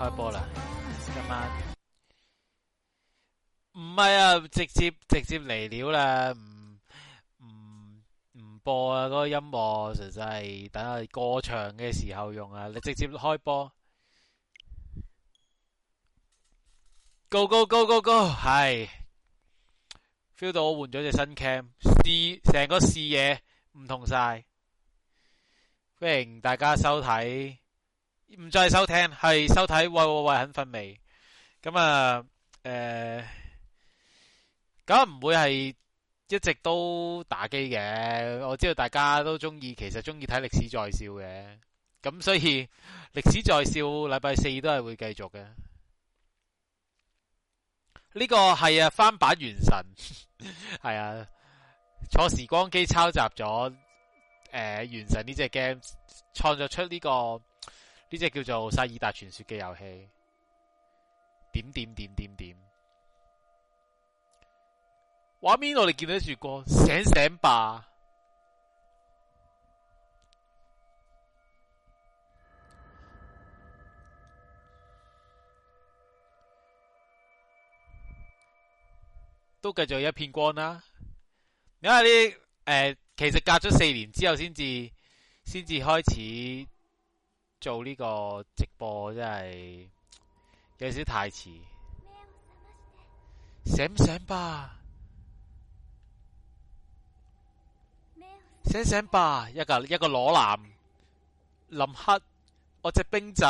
開波啦！今晚唔係啊，直接直接嚟料啦，唔唔唔播啊！嗰、嗰個音樂實際係等下過場嘅時候用啊，你直接開波。Go go go go go！係 feel 到我換咗隻新 cam，成個視野唔同晒。歡迎大家收睇。唔再收聽，係收睇。喂喂喂，肯瞓未？咁啊，誒、呃，咁唔會係一直都打機嘅。我知道大家都中意，其實中意睇歷史在笑嘅。咁所以歷史在笑禮拜四都係會繼續嘅。呢個係啊翻版原神，係 啊坐時光機抄襲咗誒原神呢隻 game，創作出呢、這個。呢隻叫做《薩爾達傳說》嘅遊戲，點點點點點，畫面我哋見到雪過，醒醒吧，都繼續有一片光啦。你睇，誒、呃，其實隔咗四年之後才，先至先至開始。做呢個直播真係有少少太遲，醒醒吧，醒醒吧，一個一個裸男，林克，我隻兵仔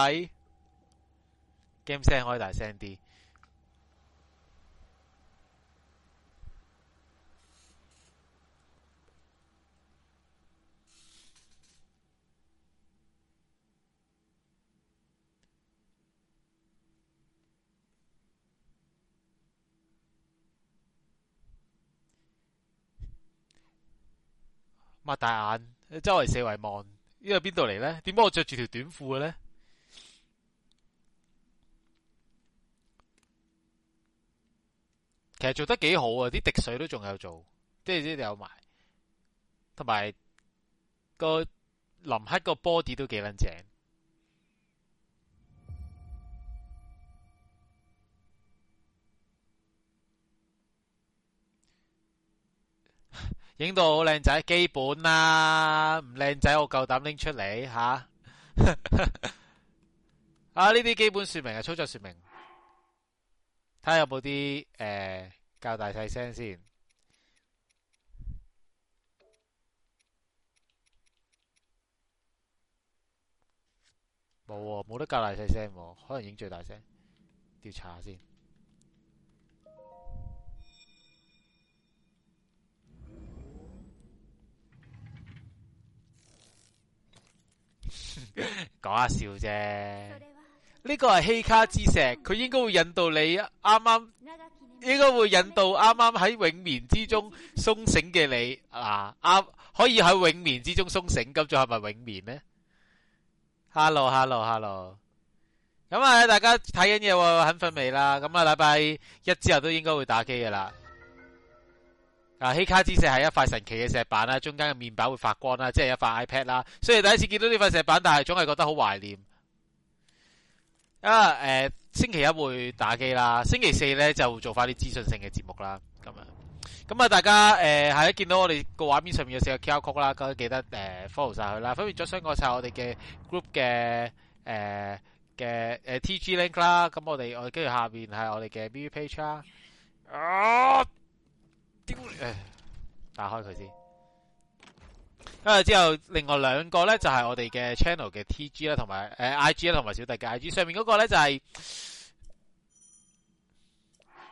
，Game 聲可以大聲啲。擘大眼，周圍四圍望，呢個邊度嚟咧？點解我着住條短褲嘅咧？其實做得幾好啊！啲滴水都仲有做，即係啲有埋，同埋個林克個波 o 都幾撚正。影到好靚仔，基本啦，唔靚仔我夠膽拎出嚟吓。啊，呢啲、 啊、基本說明係操作說明，睇下有冇啲誒較大細聲先、啊。冇，冇得較大細聲、啊，可能影最大聲，調查下先。講下笑啫，呢個係希卡之石，佢應該會引導你啱啱，應該會引導啱啱喺永眠之中鬆醒嘅你、啊。啊啊、可以喺永眠之中鬆醒，咁仲係咪永眠呢？Hello，hello，hello，咁啊，hello, hello, hello 大家睇緊嘢喎，肯瞓未啦？咁啊，禮拜一之後都應該會打機噶啦。啊！希卡之石係一塊神奇嘅石板啦，中間嘅面板會發光啦，即係一塊 iPad 啦。雖然第一次見到呢塊石板，但係總係覺得好懷念。啊！誒、呃，星期一會打機啦，星期四咧就會做翻啲資訊性嘅節目啦。咁樣，咁啊，大家誒、呃、一見到我哋個畫面上面有四個 QQ 群啦，咁記得誒、呃、follow 晒佢啦。分別再分享晒我哋嘅 group 嘅誒嘅誒 TG link 啦。咁我哋我跟住下邊係我哋嘅 BB page 啦。啊誒，打開佢先。之後另外兩個咧就係我哋嘅 channel 嘅 TG 啦，同埋誒 IG 啦，同埋小弟嘅 IG。上面嗰個咧就係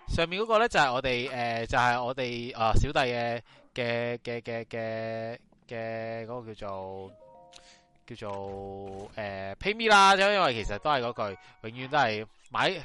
上面嗰個咧就係我哋誒、呃、就係、是、我哋啊、呃、小弟嘅嘅嘅嘅嘅嘅嗰個叫做叫做誒、呃、Pay Me 啦，因為其實都係嗰句永遠都係買。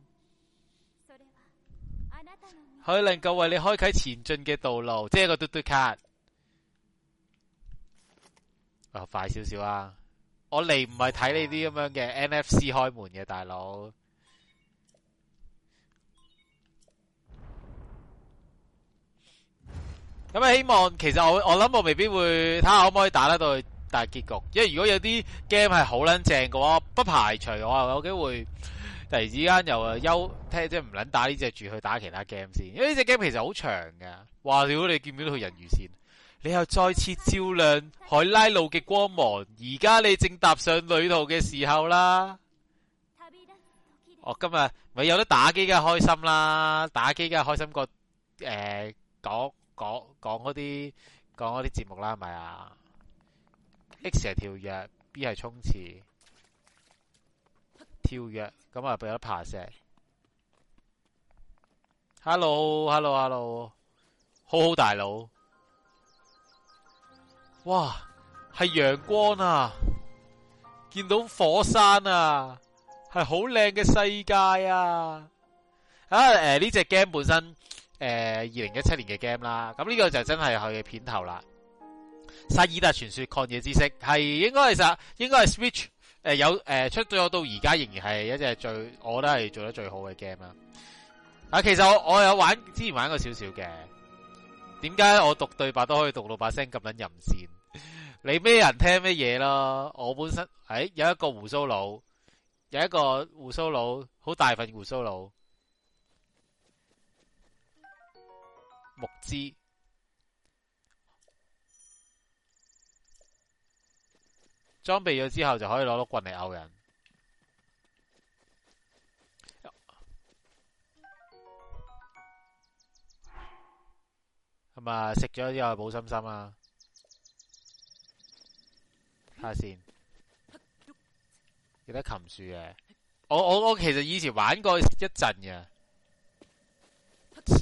佢能夠為你開啟前進嘅道路，即係個嘟嘟卡。啊、哦，快少少啊！我嚟，唔係睇你啲咁樣嘅 NFC 開門嘅大佬。咁啊，希望其實我我諗我未必會睇下可唔可以打得到大結局，因為如果有啲 game 係好撚正嘅話，不排除我又有機會。突然之間又誒休聽即唔捻，打呢隻住去打其他 game 先，因為呢隻 game 其實好長噶。話如果你見唔見到人魚線？你又再次照亮海拉路嘅光芒，而家你正踏上旅途嘅時候啦。哦，今日咪有得打機梗係開心啦，打機梗係開心過誒講講講嗰啲講嗰啲節目啦，係咪啊？X 係跳躍，B 係衝刺。跳躍，咁啊，有得爬石。Hello，Hello，Hello，hello, hello. 好好大佬。哇，係陽光啊！見到火山啊，係好靚嘅世界啊！啊，誒、呃，呢隻 game 本身，誒、呃，二零一七年嘅 game 啦，咁呢個就真係佢嘅片頭啦。《薩爾達傳說：曠野之息》係應該其實應該係 Switch。誒、呃，有誒、呃，出咗到而家仍然係一隻最，我覺得係做得最好嘅 game 啊，其實我，我有玩之前玩過少少嘅。點解我讀對白都可以讀到把聲咁撚淫賤？你咩人聽咩嘢囉？我本身誒、哎、有一個鬍鬚佬，有一個鬍鬚佬，好大份鬍鬚佬，木枝。裝備咗之後就可以攞到棍嚟毆人，咁啊食咗之後保心心啊。睇下先，記得琴住嘅？我我我其實以前玩過一陣嘅，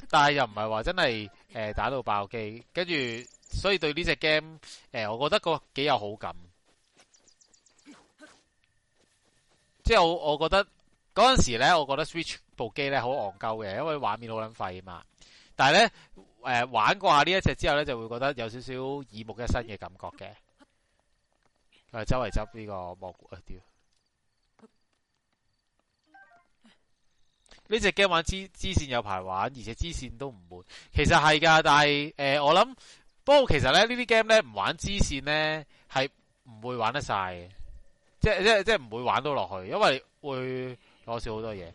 但係又唔係話真係誒、呃、打到爆機，跟住所以對呢隻 game 誒，我覺得個幾有好感。即係我，我覺得嗰陣時咧，我覺得 Switch 部機咧好戇鳩嘅，因為畫面好撚廢嘛。但係咧，誒、呃、玩過下呢一隻之後咧，就會覺得有少少耳目一新嘅感覺嘅。佢、啊、係周圍執呢個幕啊啲呢隻 game 玩支支線有排玩，而且支線都唔悶。其實係噶，但係誒、呃、我諗，不過其實咧呢啲 game 咧唔玩支線咧係唔會玩得晒嘅。即係即係即係唔會玩到落去，因為會攞少好多嘢。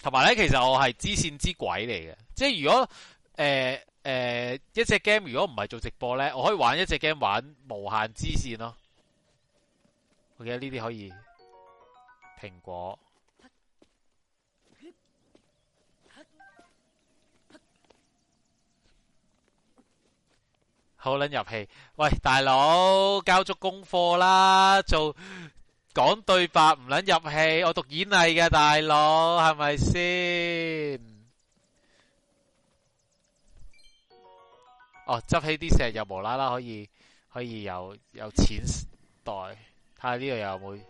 同埋咧，其實我係支線之鬼嚟嘅。即係如果誒誒、呃呃、一隻 game 如果唔係做直播咧，我可以玩一隻 game 玩無限支線咯。我記得呢啲可以蘋果。好捻入戲，喂大佬，交足功課啦，做講對白唔捻入戲，我讀演藝嘅大佬係咪先？哦，執起啲石又無啦啦，可以可以有有錢袋，睇下呢度有冇？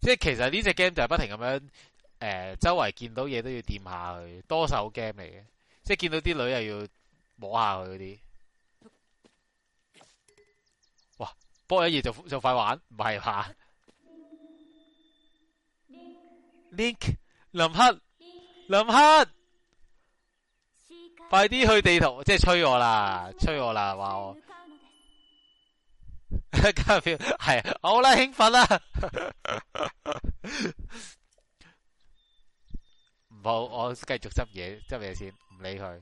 即係其實呢隻 game 就係不停咁樣，誒，周圍見到嘢都要掂下佢，多手 game 嚟嘅，即係見到啲女又要。摸下佢嗰啲，哇！波一頁就就快玩，唔係怕 Link 林克林克，快啲去地圖，即係催我啦，催我啦，話我，我。係， 好啦，興奮啦。唔 好，我繼續執嘢，執嘢先，唔理佢。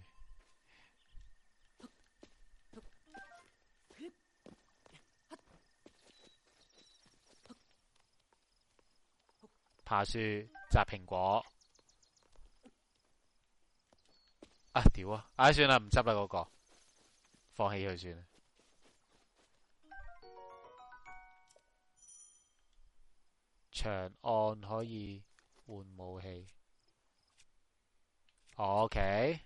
爬樹摘蘋果啊！屌啊！唉，不了那個，算啦，唔執啦，嗰個放棄佢算啦。長按可以換武器。OK。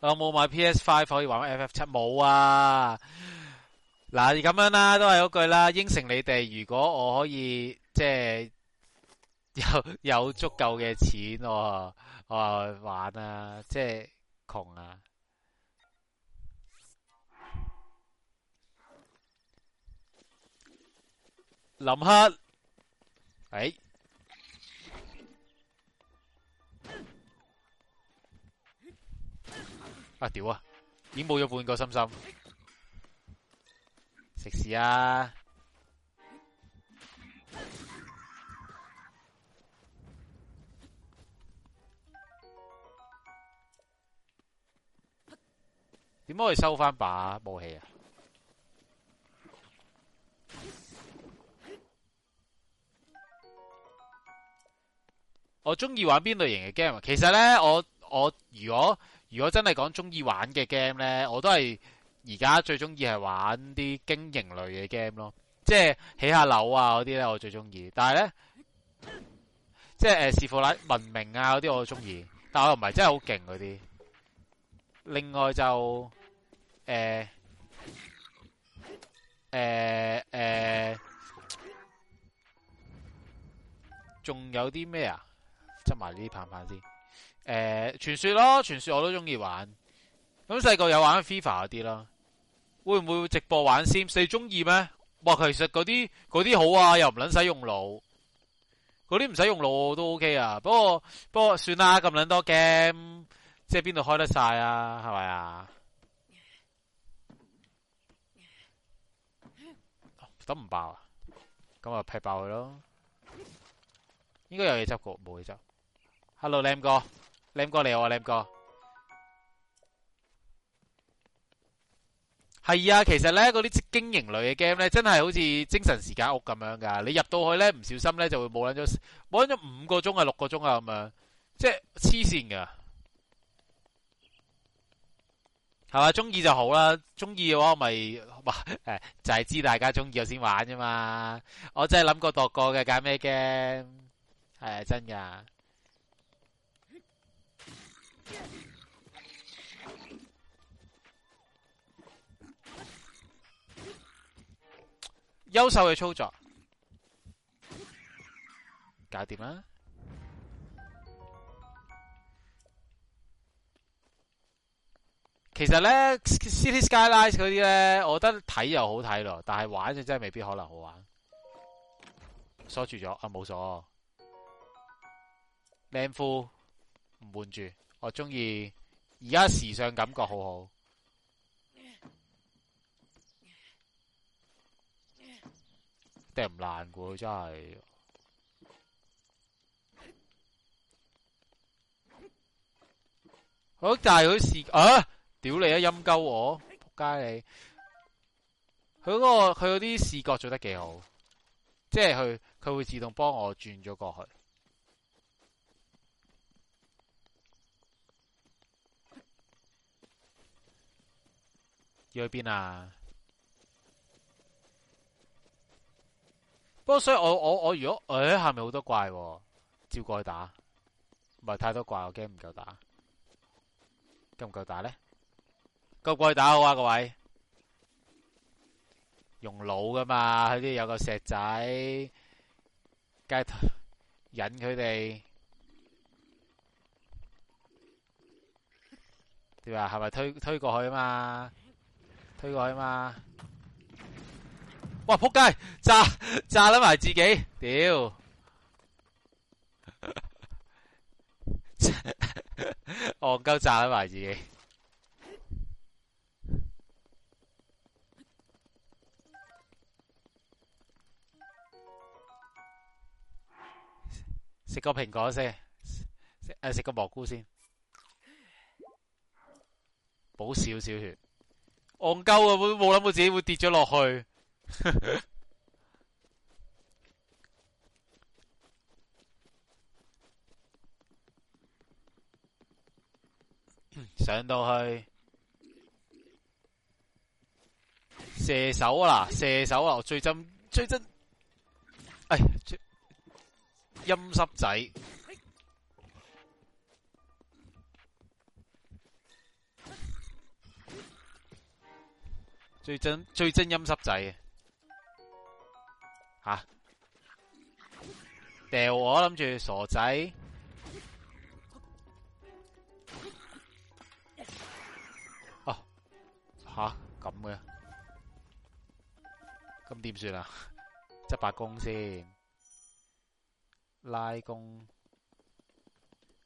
有冇買 PS Five 可以玩 FF 七？冇啊！嗱，咁樣啦，都係嗰句啦，應承你哋。如果我可以，即係有有足夠嘅錢，我我玩啊，即係窮啊。林克，唉，阿屌啊，已經冇咗半個心心。食屎啊！點解可以收翻把武器啊？我中意玩邊類型嘅 game 啊？其實咧，我我如果如果真係講中意玩嘅 game 咧，我都係。而家最中意係玩啲經營類嘅 game 咯，即係起下樓啊嗰啲咧，我最中意。但係咧，即係誒，史酷拉文明啊嗰啲我都中意，但我又唔係真係好勁嗰啲。另外就誒誒誒，仲有啲咩啊？執埋呢啲棒棒先。誒，傳說咯，傳說我都中意玩。咁細個有玩 FIFA 嗰啲啦，會唔會直播玩先？你中意咩？哇，其實嗰啲嗰啲好啊，又唔撚使用腦，嗰啲唔使用腦都 OK 啊。不過不過算啦，咁撚多 game，即係邊度開得晒啊？係咪啊？得、yeah. 唔、yeah. 哦、爆啊？咁啊劈爆佢咯。應該有嘢執過，冇嘢執。Hello，Lam 哥，Lam 哥，你好啊，Lam 哥。係、哎、啊，其實咧，嗰啲經營類嘅 game 咧，真係好似精神時間屋咁樣噶。你入到去咧，唔小心咧就會冇撚咗，冇撚咗五個鐘啊六個鐘啊咁樣，即係黐線噶。係嘛，中意就好啦。中意嘅話我，我咪誒，就係知大家中意我先玩啫嘛。我真係諗過度過嘅，搞咩 game？係真噶。優秀嘅操作，搞掂啦！其實呢，City Skylines 嗰啲呢，我覺得睇又好睇咯，但係玩就真係未必可能好玩。鎖住咗啊，冇鎖。靚褲唔換住，我中意而家時尚感覺好好。填欄，佢，真係好，大係佢事啊，屌你啊陰鳩我仆街你，佢嗰個佢嗰啲視覺做得幾好，即係佢佢會自動幫我轉咗過去，要去，去邊啊？咁所以我我我如果誒，下面好多怪照過去打，唔係太多怪我驚唔夠打，夠唔夠打咧？咁過去打好啊，各位，用腦噶嘛，啲有個石仔，梗係引佢哋，對吧？係咪推推過去嘛？推過去嘛？哇！撲街炸炸甩埋自己，屌！戇鳩炸甩埋自己，食個蘋果先，食誒食個蘑菇先，補少少血。戇鳩啊，都冇諗到自己會跌咗落去。上到去射手啦，射手啊，最憎最憎，哎，陰濕仔，最憎最憎陰濕仔啊！吓，掉我諗住傻仔哦，吓咁嘅，咁點算啊？執把弓先，拉弓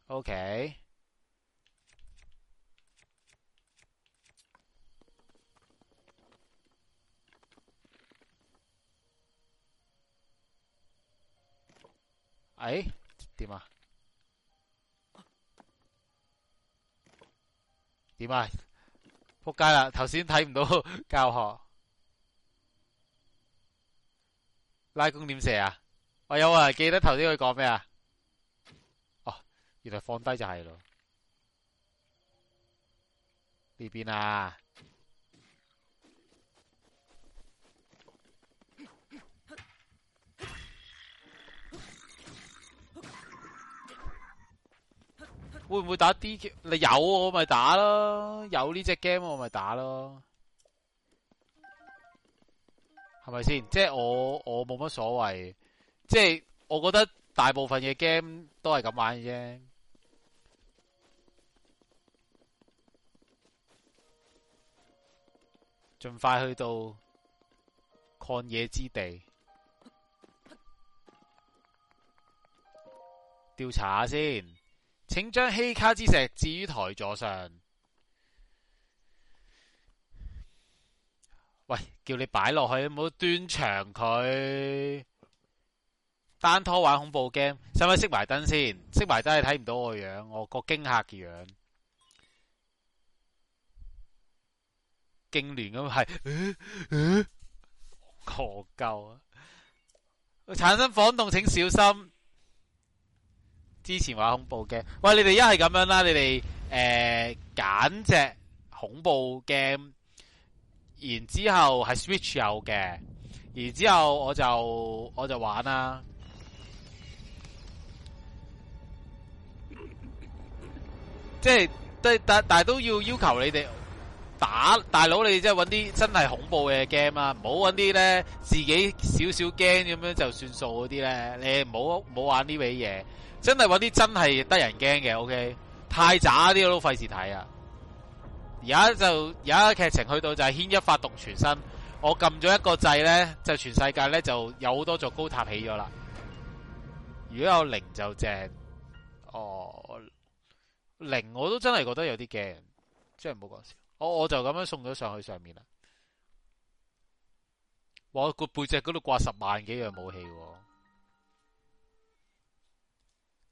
，OK。誒，點啊？點啊？仆街喇！頭先睇唔到教學，拉弓點射啊？我有啊！記得頭先佢講咩啊？哦，原來放低就係咯，呢邊啊！會唔會打 DQ？你有、啊、我咪打咯，有呢隻 game 我咪打咯，係咪先？即係我我冇乜所謂，即係我覺得大部分嘅 game 都係咁玩嘅啫。盡快去到曠野之地，調查下先。請將希卡之石置於台座上。喂，叫你擺落去，唔好端長佢。單拖玩恐怖 game，使唔使熄埋燈先燈？熄埋燈你睇唔到我樣，我個驚嚇嘅樣亂，驚亂咁係，嗯嗯，我夠、啊，產生晃動，請小心。之前玩恐怖 game，喂，你哋一係咁樣啦，你哋誒揀隻恐怖 game，然之後係 Switch 有嘅，然之後我就我就玩啦，即係對但但係都要要求你哋。打大佬，你即係搵啲真係恐怖嘅 game 啊？唔好搵啲咧自己少少驚咁樣就算數嗰啲咧，你唔好唔好玩呢味嘢，真係搵啲真係得人驚嘅。OK，太渣啲我都費事睇啊！而家就而家劇情去到就係牽一髮動全身，我撳咗一個掣咧，就全世界咧就有好多座高塔起咗啦。如果有零就正，哦零我都真係覺得有啲驚，真係唔好講笑。我我就咁樣送咗上去上面啦。我個背脊嗰度掛十萬幾樣武器。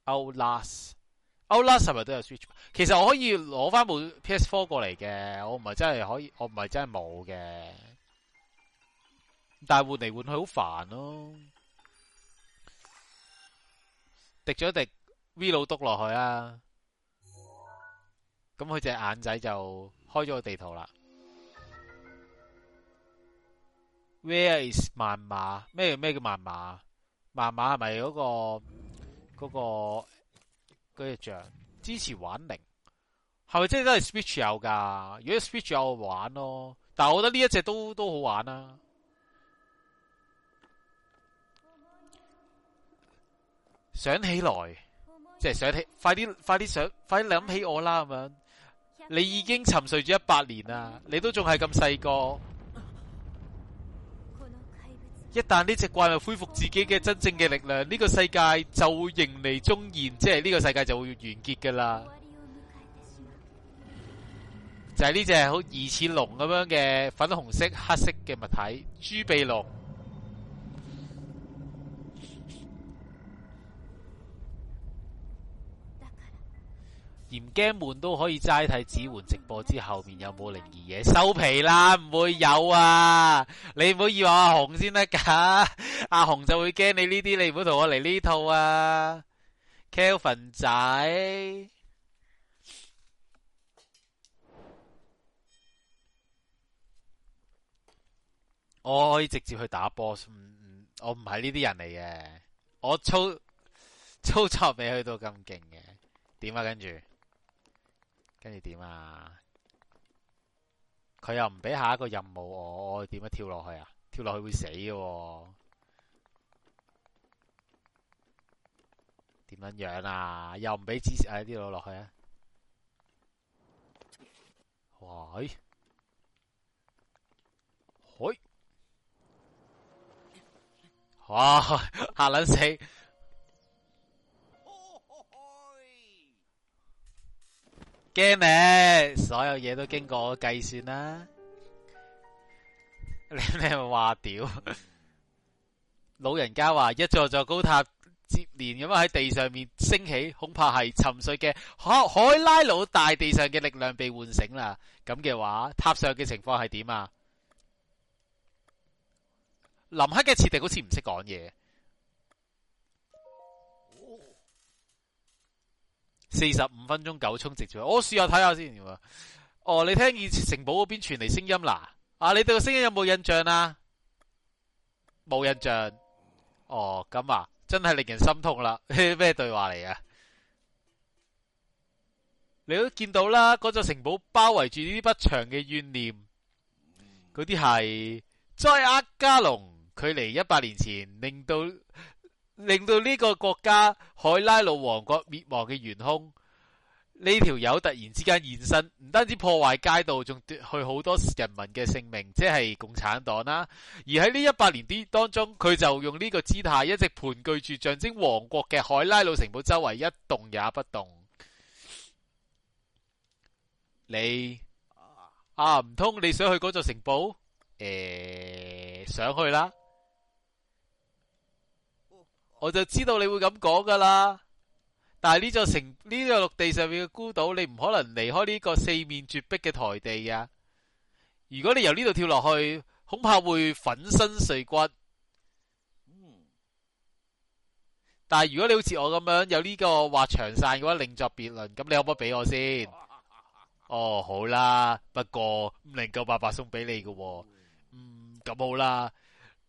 o l s 歐 l 歐 s 係咪都有 switch？其實我可以攞翻部 PS Four 過嚟嘅，我唔係真係可以，我唔係真係冇嘅。但係換嚟換去好煩咯。滴咗滴 V 老督落去啦，啊，咁佢隻眼仔就。開咗個地圖啦。Where is 萬馬？咩咩叫萬馬、那個？萬馬係咪嗰個嗰、那個嗰隻象？支持玩零係咪真係都係 Switch 有噶？如果 Switch 有玩咯，但係我覺得呢一隻都都好玩啦、啊。想起來，即、就、係、是、想起，快啲快啲想，快啲諗起我啦咁樣。你已經沉睡咗一百年啦，你都仲係咁細個。一旦呢隻怪物恢復自己嘅真正嘅力量，呢個世界就會迎嚟終焉，即係呢個世界就會完結噶啦。就係呢隻好似龍咁樣嘅粉紅色、黑色嘅物體，豬鼻龍。唔驚門都可以齋睇子桓直播之後，後面有冇靈異嘢收皮啦，唔會有啊！你唔好以為阿紅先得㗎，阿、啊、紅就會驚你呢啲，你唔好同我嚟呢套啊，Kelvin 仔，我可以直接去打 boss，唔唔，我唔係呢啲人嚟嘅，我操操作未去到咁勁嘅，點啊跟住？跟住點啊？佢又唔俾下一個任務我，我點樣跳落去啊？跳落去會死嘅。點樣樣啊？又唔俾指示誒？呢度落去啊？喂，喂，哇，吓撚死！驚咩？所有嘢都經過計算啦。你係咪話？屌， 老人家話一座座高塔接連咁樣喺地上面升起，恐怕係沉睡嘅海海拉魯大地上嘅力量被喚醒啦。咁嘅話，塔上嘅情況係點啊？林克嘅設定好似唔識講嘢。四十五分鐘九充直，住，我試下睇下先。哦，你聽見城堡嗰邊傳嚟聲音啦？啊，你對個聲音有冇印象啊？冇印象。哦，咁啊，真係令人心痛啦。咩 對話嚟嘅，啊？你都見到啦，嗰座城堡包圍住呢啲不祥嘅怨念。嗰啲係災厄加農，距離一百年前令到。令到呢個國家海拉魯王國滅亡嘅元凶，呢條友突然之間現身，唔單止破壞街道，仲奪去好多人民嘅性命，即係共產黨啦。而喺呢一百年啲當中，佢就用呢個姿態一直盤踞住象徵王國嘅海拉魯城堡周圍，一動也不動。你啊，唔通你想去嗰座城堡？誒，想去啦。我就知道你會咁講噶啦，但係呢座城，呢座陸地上面嘅孤島，你唔可能離開呢個四面絕壁嘅台地呀。如果你由呢度跳落去，恐怕會粉身碎骨。嗯、但係如果你好似我咁樣有呢、這個畫長扇嘅話，另作別論。咁你可唔可以俾我先、嗯？哦，好啦，不過唔能夠白白送俾你嘅、哦。嗯，咁好啦。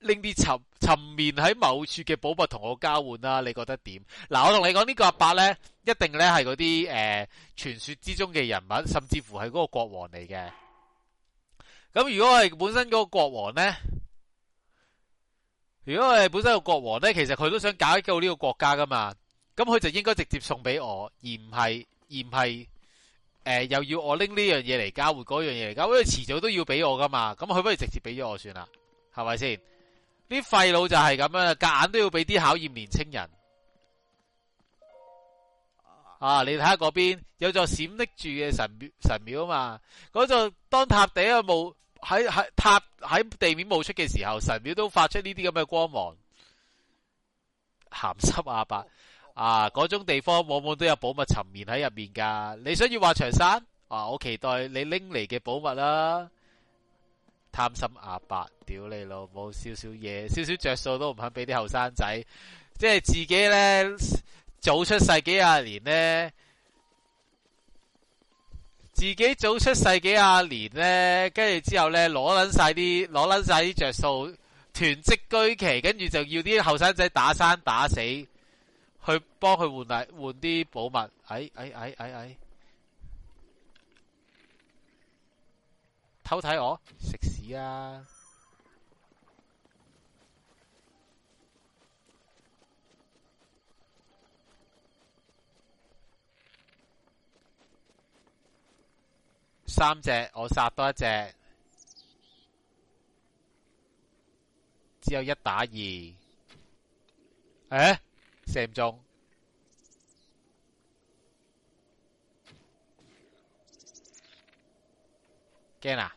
拎啲沉沉眠喺某處嘅寶物同我交換啦、啊？你覺得點？嗱、啊，我同你講呢、呢個阿伯呢，一定呢係嗰啲誒傳說之中嘅人物，甚至乎係嗰個國王嚟嘅。咁如果係本身嗰個國王呢，如果係本身個國王呢，其實佢都想搞救呢個國家噶嘛。咁佢就應該直接送俾我，而唔係而唔係、呃、又要我拎呢樣嘢嚟交換嗰樣嘢嚟交，因為遲早都要俾我噶嘛。咁佢不如直接俾咗我算啦，係咪先？啲廢佬就係咁啦，夾硬都要俾啲考驗年青人。啊，你睇下嗰邊有座閃匿住嘅神廟神廟啊嘛，嗰座當塔頂嘅霧喺喺塔喺地面冒出嘅時候，神廟都發出呢啲咁嘅光芒。鹹濕阿伯啊，嗰種地方往往都有寶物沉眠喺入面噶。你想要話長生啊，我期待你拎嚟嘅寶物啦。貪心阿伯，屌你老母，少少嘢，少少着數都唔肯俾啲後生仔，即係自己呢，早出世幾廿年呢，自己早出世幾廿年呢。跟住之後呢，攞捻晒啲攞捻晒啲着數，囤積居奇，跟住就要啲後生仔打生打死去幫佢換嚟換啲寶物，哎哎哎哎哎！哎哎哎哎好睇，我食屎啊！三隻我殺多一隻，只有一打二，欸，誒射唔中，啊，驚啦！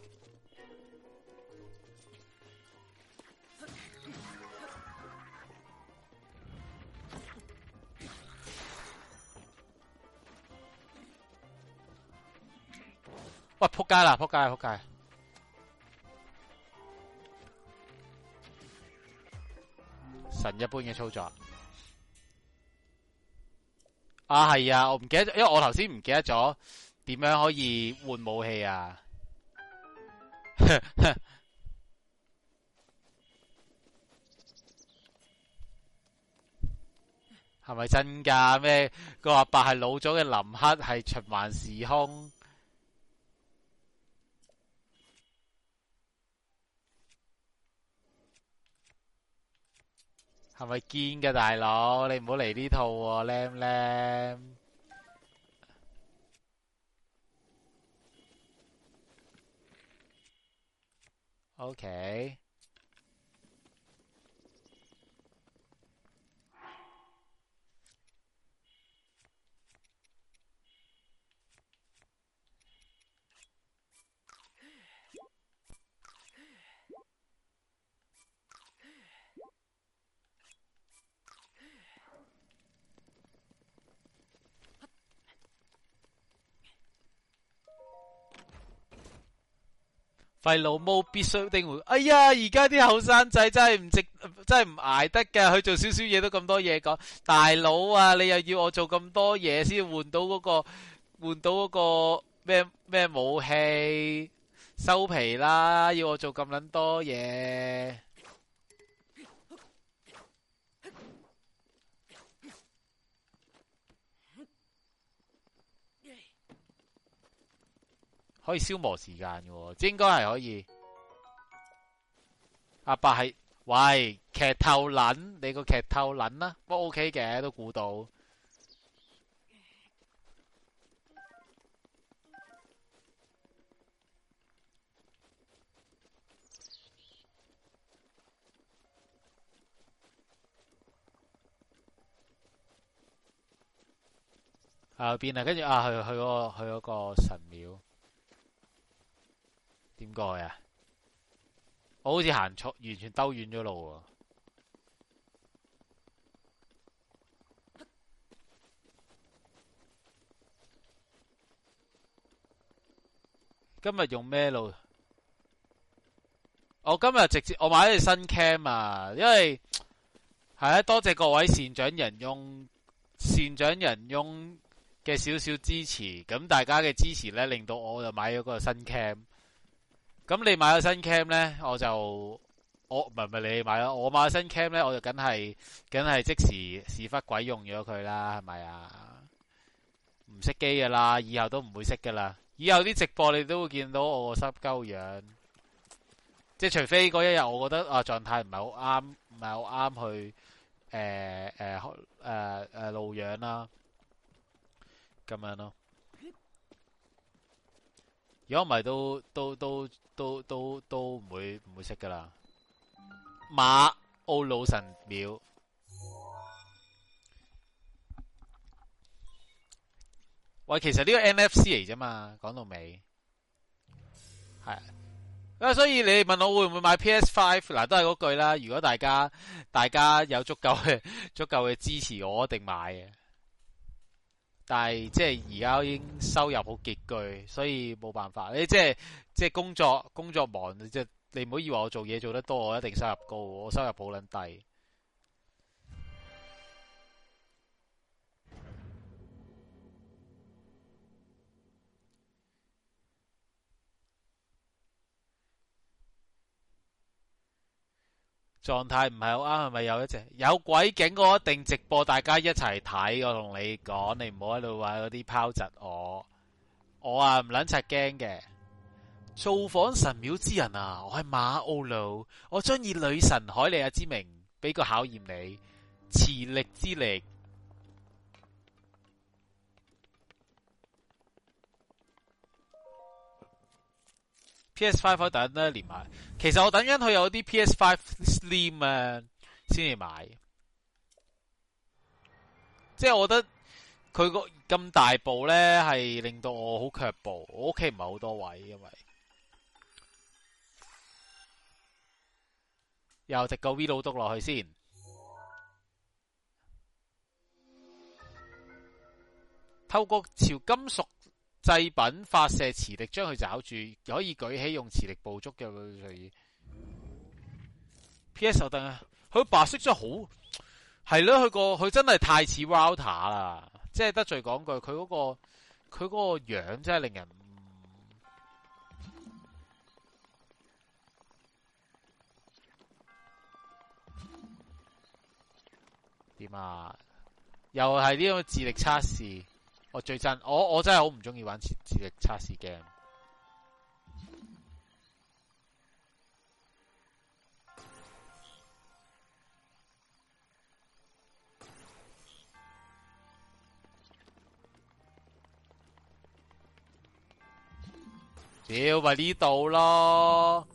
喂，扑街啦，扑街，扑街！神一般嘅操作啊，係啊，我唔記得，因為我頭先唔記得咗點樣可以換武器啊？係 咪真㗎？咩個阿伯係老咗嘅林克，係循環時空？係咪堅㗎大佬？你唔好嚟呢套喎，靚靚。Okay. 廢老母必須定換，哎呀，而家啲後生仔真係唔值，真係唔挨得噶，佢做少少嘢都咁多嘢講，大佬啊，你又要我做咁多嘢先換到嗰個，換到嗰個咩咩武器，收皮啦，要我做咁捻多嘢。可以消磨時間嘅，應該係可以。阿伯係，喂，劇透撚，你個劇透撚啦，不過 OK 嘅，都估到。喺邊啊？跟 住啊，去去、嗰個去嗰個神廟。點解啊？我好似行錯，完全兜遠咗路。今日用咩路？我今日直接我買咗隻新 cam 啊！因為係啊，多謝各位善長人用善長人用嘅少少支持，咁大家嘅支持呢，令到我就買咗個新 cam。咁你買咗新 cam 咧，我就我唔係唔係你買咯，我買咗新 cam 咧，我就梗係梗係即時屎忽鬼用咗佢啦，係咪啊？唔識機噶啦，以後都唔會識噶啦，以後啲直播你都會見到我個濕鳩樣，即係除非嗰一日我覺得啊狀態唔係好啱，唔係好啱去誒誒誒誒露樣啦，咁樣咯。如果唔係，都都都都都都唔會唔會識噶啦。馬奧魯神廟。喂，其實呢個 NFC 嚟啫嘛，講到尾。係。所以你問我會唔會買 PS Five？啊，嗱，都係嗰句啦。如果大家大家有足夠嘅足夠嘅支持，我一定買嘅。但係即係而家已經收入好拮據，所以冇辦法。你即係即係工作工作忙，你即你唔好以為我做嘢做得多，我一定收入高。我收入好撚低。狀態唔係好啱，係咪有一隻有鬼境我一定直播，大家一齊睇。我同你講，你唔好喺度話嗰啲拋窒我，我啊唔捻柒驚嘅造訪神廟之人啊，我係馬奧路，我將以女神海莉亞之名俾個考驗你磁力之力。PS5 我等啦，連埋。其實我等緊佢有啲 PS5 Slim 啊，先嚟買。即係我覺得佢個咁大部咧，係令到我好卻步。我屋企唔係好多位，因為又直個 V 老督落去先，透過潮金屬。製品發射磁力將佢抓住，可以舉起用磁力捕捉嘅嗰類 P.S. 手燈啊，佢白色真係好係咯，佢、嗰個佢真係太似 router 啦，即係得罪講句，佢嗰、嗰個佢嗰個樣真係令人點啊！又係呢個智力測試。我最近我我真係好唔鍾意玩智力測試 game 屌咪呢度咯，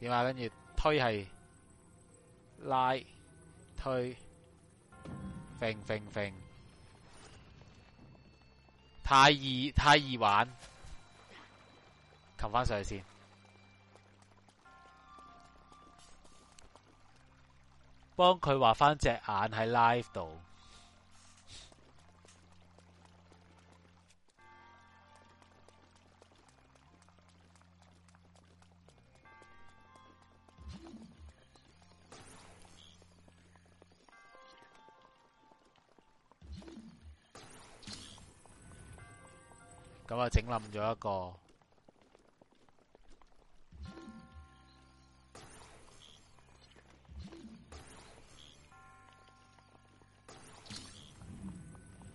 點啊？跟住推係。拉推，揈揈揈，太易太易玩，擒翻上去先，幫佢畫翻隻眼喺 live 度。咁啊，整冧咗一個，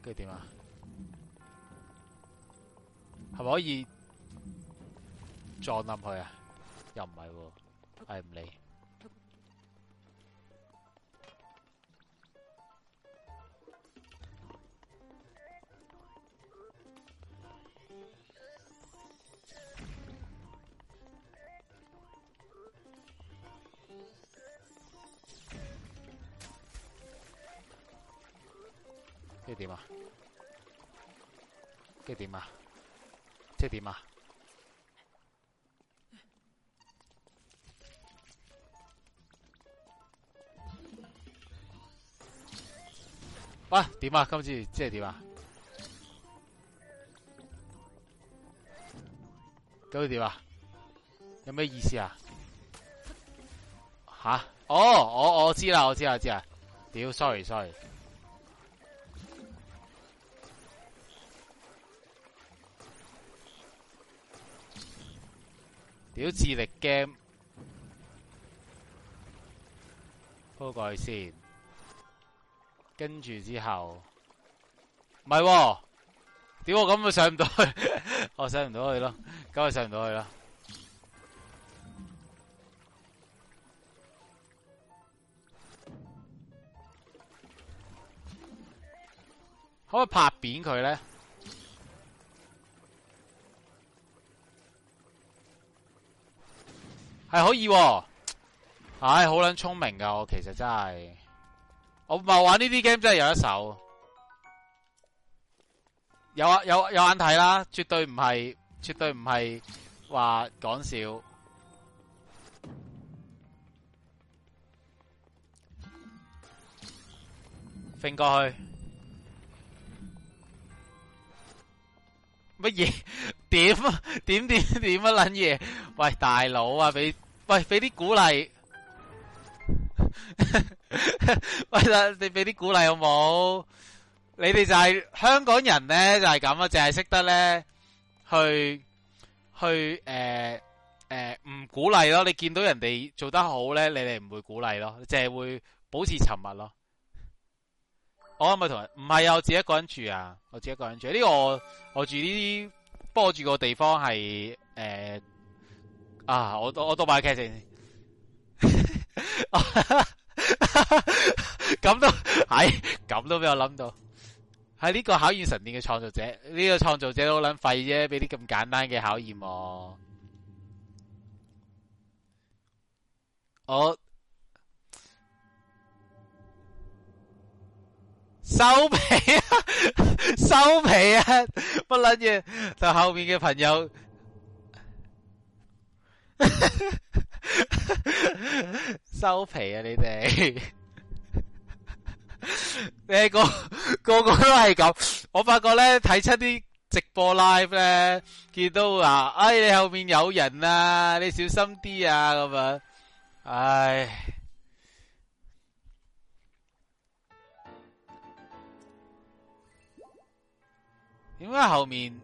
跟住點啊？係咪可以撞冧佢啊？又唔係喎，係唔理。即係點啊？即係點啊？即係點啊？哇！點啊？今次即係點啊？到底點啊？有咩意思啊？吓？哦，我我知啦，我知啦，我知啦。屌，sorry，sorry。 sorry, sorry. 小智力 game 鋪過去先，跟住之後，唔喎，哦，點我咁啊，上唔到去，我， 哦，上唔到去咯，梗係上唔到去啦。可唔可以拍扁佢咧？係可以，唉，好捻聰明噶，我其實真係，我係玩呢啲 game 真係有一手有，有啊有有眼睇啦，絕對唔係，絕對唔係話講笑，飛過去乜嘢？點點？點點點乜撚嘢？喂大佬啊，俾喂俾啲鼓勵，喂啦，你俾啲鼓勵好冇？你哋就係、是、香港人咧，就係咁啊，淨係識得咧去去誒誒唔鼓勵咯。你見到人哋做得好咧，你哋唔會鼓勵咯，淨係會保持沉默咯。我唔咪同人，唔係我自己一個人住啊，我自己一個人住。呢個住我，我住呢啲。不過我住個地方係誒、欸、啊！我，我都我讀埋劇咁都係， 咁都俾我諗到，係呢個考驗神殿嘅創造者，呢、這個創造者好撚廢啫，俾啲咁簡單嘅考驗嘛，我。收皮啊！收皮啊！不捻嘢，就後面嘅朋友 收皮啊！你哋， 你個個個都係咁，我發覺咧睇出啲直播 live 咧，見到啊，哎，你後面有人啊，你小心啲啊，咁樣唉。哎點解後面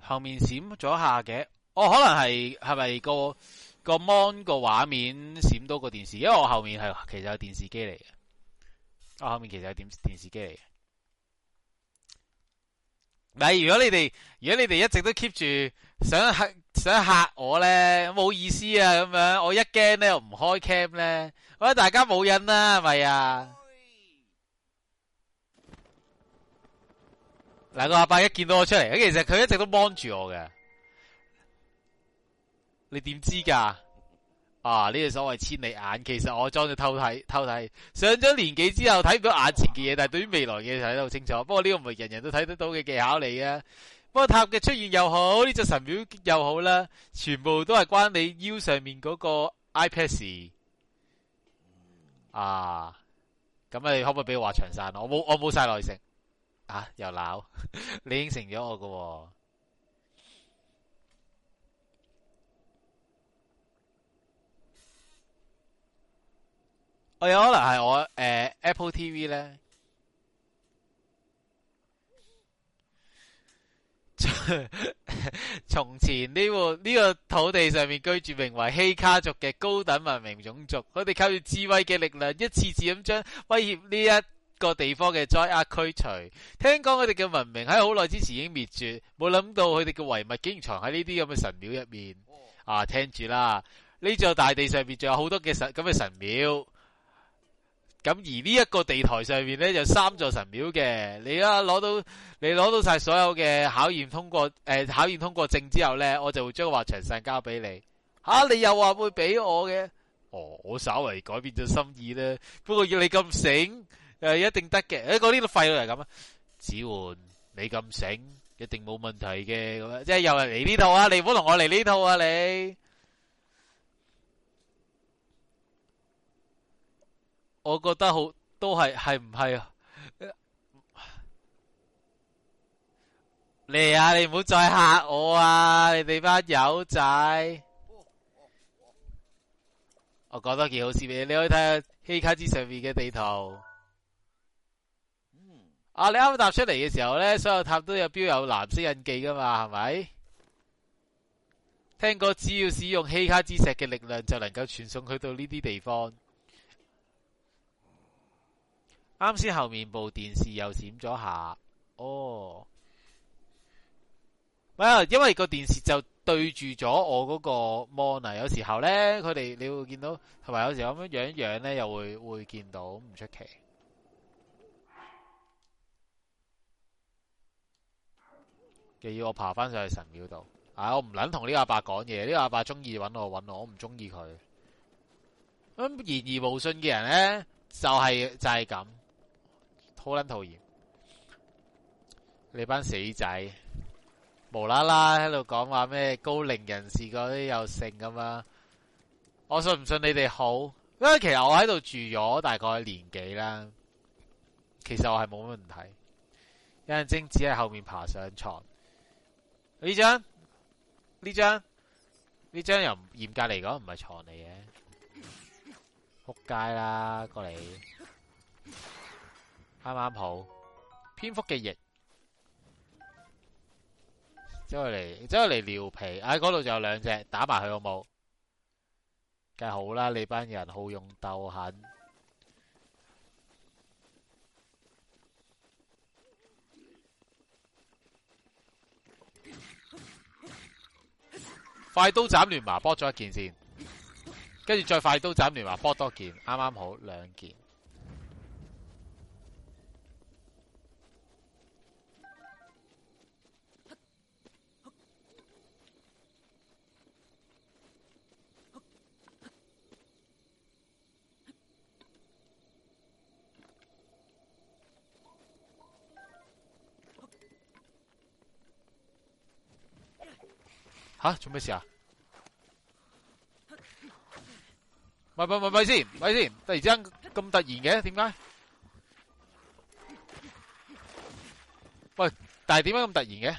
後面閃咗下嘅？哦，可能係係咪個個 mon 個畫面閃多個電視？因為我後面係其實有電視機嚟嘅，我後面其實有電電視機嚟嘅。咪，如果你哋如果你哋一直都 keep 住想吓想吓我咧，冇意思啊！咁樣我一驚咧，我唔開 cam 咧，喂，大家冇癮啦係咪啊？兩個阿伯一見到我出嚟，其實佢一直都幫住我嘅。你點知噶？啊，呢個所謂千里眼，其實我裝咗偷睇、偷睇。上咗年紀之後睇唔到眼前嘅嘢，但係對於未來嘅嘢睇得好清楚。不過呢個唔係人人都睇得到嘅技巧嚟嘅。不過塔嘅出現又好，呢隻神表又好啦，全部都係關你腰上面嗰個 iPad 事。啊，咁你可唔可以俾我話長晒？我冇我冇晒耐性。啊！又鬧 你應承咗我㗎，我有可能係我誒、呃、Apple TV 呢？從 前呢、這個呢、這個土地上面居住名為希卡族嘅高等文明種族，佢哋靠住智慧嘅力量，一次次咁將威脅呢一。這個地方嘅災厄驅除，聽講佢哋嘅文明喺好耐之前已經滅絕，冇諗到佢哋嘅遺物竟然藏喺呢啲咁嘅神廟入面啊！聽住啦，呢座大地上面仲有好多嘅神咁嘅神廟，咁而呢一個地台上面呢，就三座神廟嘅。你啊攞到你攞到晒所有嘅考驗通過，誒考驗通過證之後呢，我就會將個話詳細交俾你吓、啊。你又話會俾我嘅？哦，我稍為改變咗心意啦，不過要你咁醒。誒、嗯，一定得嘅。誒、欸，嗰啲廢料係咁啊，子桓，你咁醒，一定冇問題嘅。咁、嗯、樣，即係又嚟呢套啊！你唔好同我嚟呢套啊！你，我覺得好都係係唔係啊？嚟 啊！你唔好再嚇我啊！你哋班友仔，我講得幾好笑嘅，你可以睇下希卡之上面嘅地圖。啊！你啱啱搭出嚟嘅時候呢，所有塔都有標有藍色印記噶嘛，係咪？聽過只要使用希卡之石嘅力量就能夠傳送去到呢啲地方。啱先後面部電視又閃咗下，哦，唔係，因為個電視就對住咗我嗰個 mon 啊。有時候呢，佢哋你會見到，同埋有，有時候咁樣樣樣呢，又會會見到，唔出奇。要我爬翻上去神廟度啊！我唔捻同呢個阿伯講嘢，呢個阿伯中意揾我揾我，我唔中意佢。咁、嗯、言而無信嘅人呢，就係、是、就係、是、咁，好捻討厭。你班死仔，無啦啦喺度講話咩高齡人士嗰啲有性咁啊！我信唔信你哋好？因為其實我喺度住咗大概年幾啦，其實我係冇乜問題。有陣時只係後面爬上床。呢張，呢張，呢張又嚴格嚟講，唔係床嚟嘅，扑街啦！過嚟，啱啱好，蝙蝠嘅翼，即係嚟，即係嚟撩皮。唉、啊，嗰度就有兩隻，打埋佢好冇，梗係好啦！你班人好勇鬥狠。快刀斬亂麻，剝咗一件先，跟住再快刀斬亂麻，剝多件，啱啱好兩件。啊，做咩事啊？唔係唔係唔係先，唔係先，突然之間咁突然嘅，點解？喂，但係點解咁突然嘅？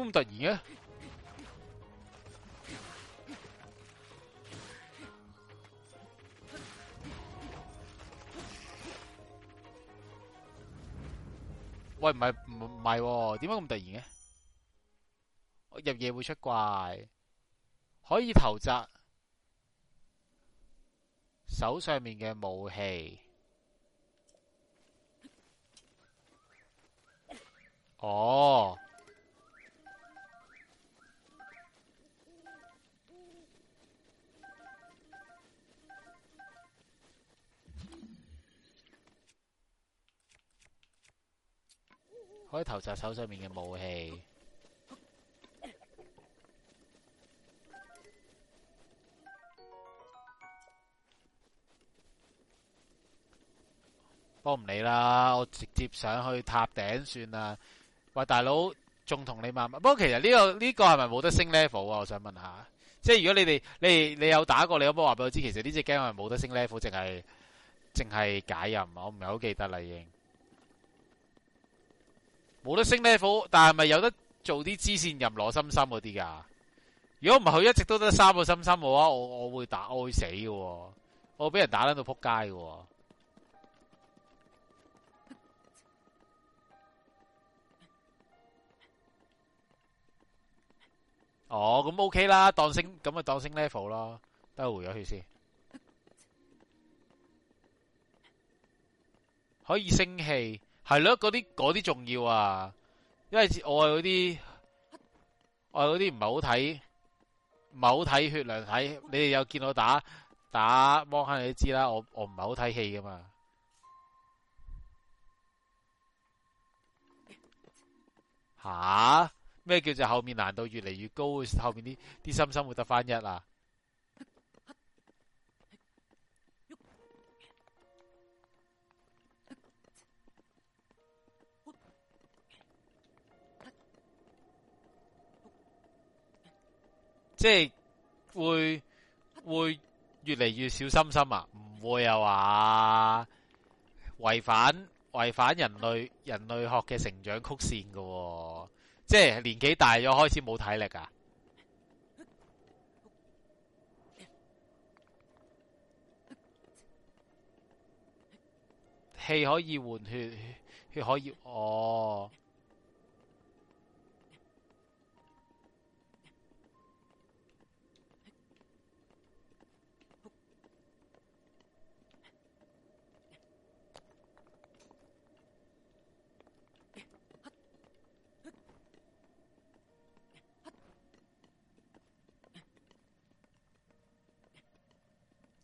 咁突然嘅？喂，唔係唔係？點解咁突然嘅？入夜會出怪，可以投擲手上面嘅武器。哦。可以投擲手上面嘅武器，都唔理啦，我直接上去塔頂算啦。喂，大佬，仲同你慢慢？不過其實呢、這個呢、這個係咪冇得升 level 啊？我想問下，即係如果你哋你你有打過，你可唔可以話俾我知？其實呢隻 game 係冇得升 level，淨係淨係解任。我唔係好記得啦應。已經冇得升 level，但係咪有得做啲支線任攞心心嗰啲噶？如果唔係佢一直都得三個心心嘅話，我我會打我會死嘅，我俾、哦、人打到扑街嘅。哦，咁 OK 啦，當升咁咪當升 level 咯，等下回咗去先，可以升氣。係咯，嗰啲嗰啲重要啊，因為我係嗰啲，我係嗰啲唔係好睇，唔係好睇血量睇，你哋有見到打打魔坑你都知啦，我我唔係好睇戲噶嘛。吓、啊，咩叫做後面難度越嚟越高？後面啲啲心心會得返一啊？即係會會越嚟越小心心啊！唔會啊？話違反違反人類人類學嘅成長曲線喎，哦，即係年紀大咗開始冇體力啊？氣可以換血，血，血可以哦。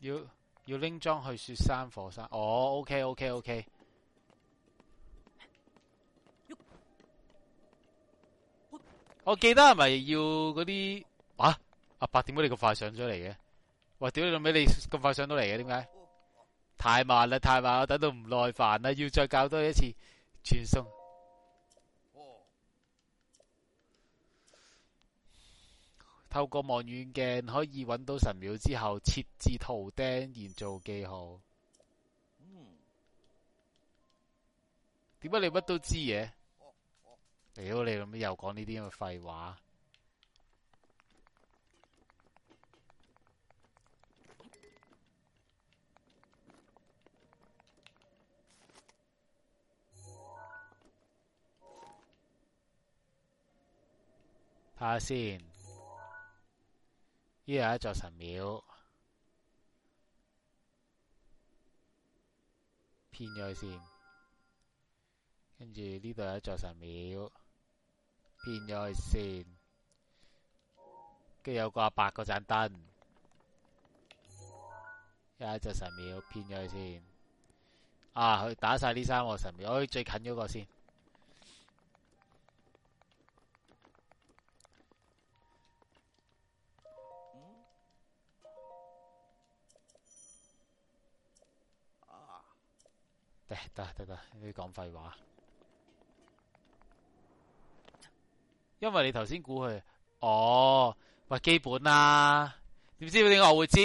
要要拎裝去雪山火山哦，OK OK OK。我、嗯、我記得係咪要嗰啲啊？阿伯點解你咁快上咗嚟嘅？喂，屌你老尾你咁快上到嚟嘅？點解？太慢啦，太慢啦，我等到唔耐煩啦，要再搞多一次傳送。透過望遠鏡可以揾到神廟之後，設置圖釘而做記號。點、嗯、解你乜都知嘅？屌你咁又講呢啲咁嘅廢話。睇下先。呢度有一座神廟，偏咗去先。跟住呢度有一座神廟，偏咗去先。跟住有個阿伯個盞燈，又有一座神廟，偏咗去先。啊，去打晒呢三個神廟，去最近嗰個先。得得得你你講廢話。因為你頭先估佢，哦，話基本啦、啊。點知點解我會知？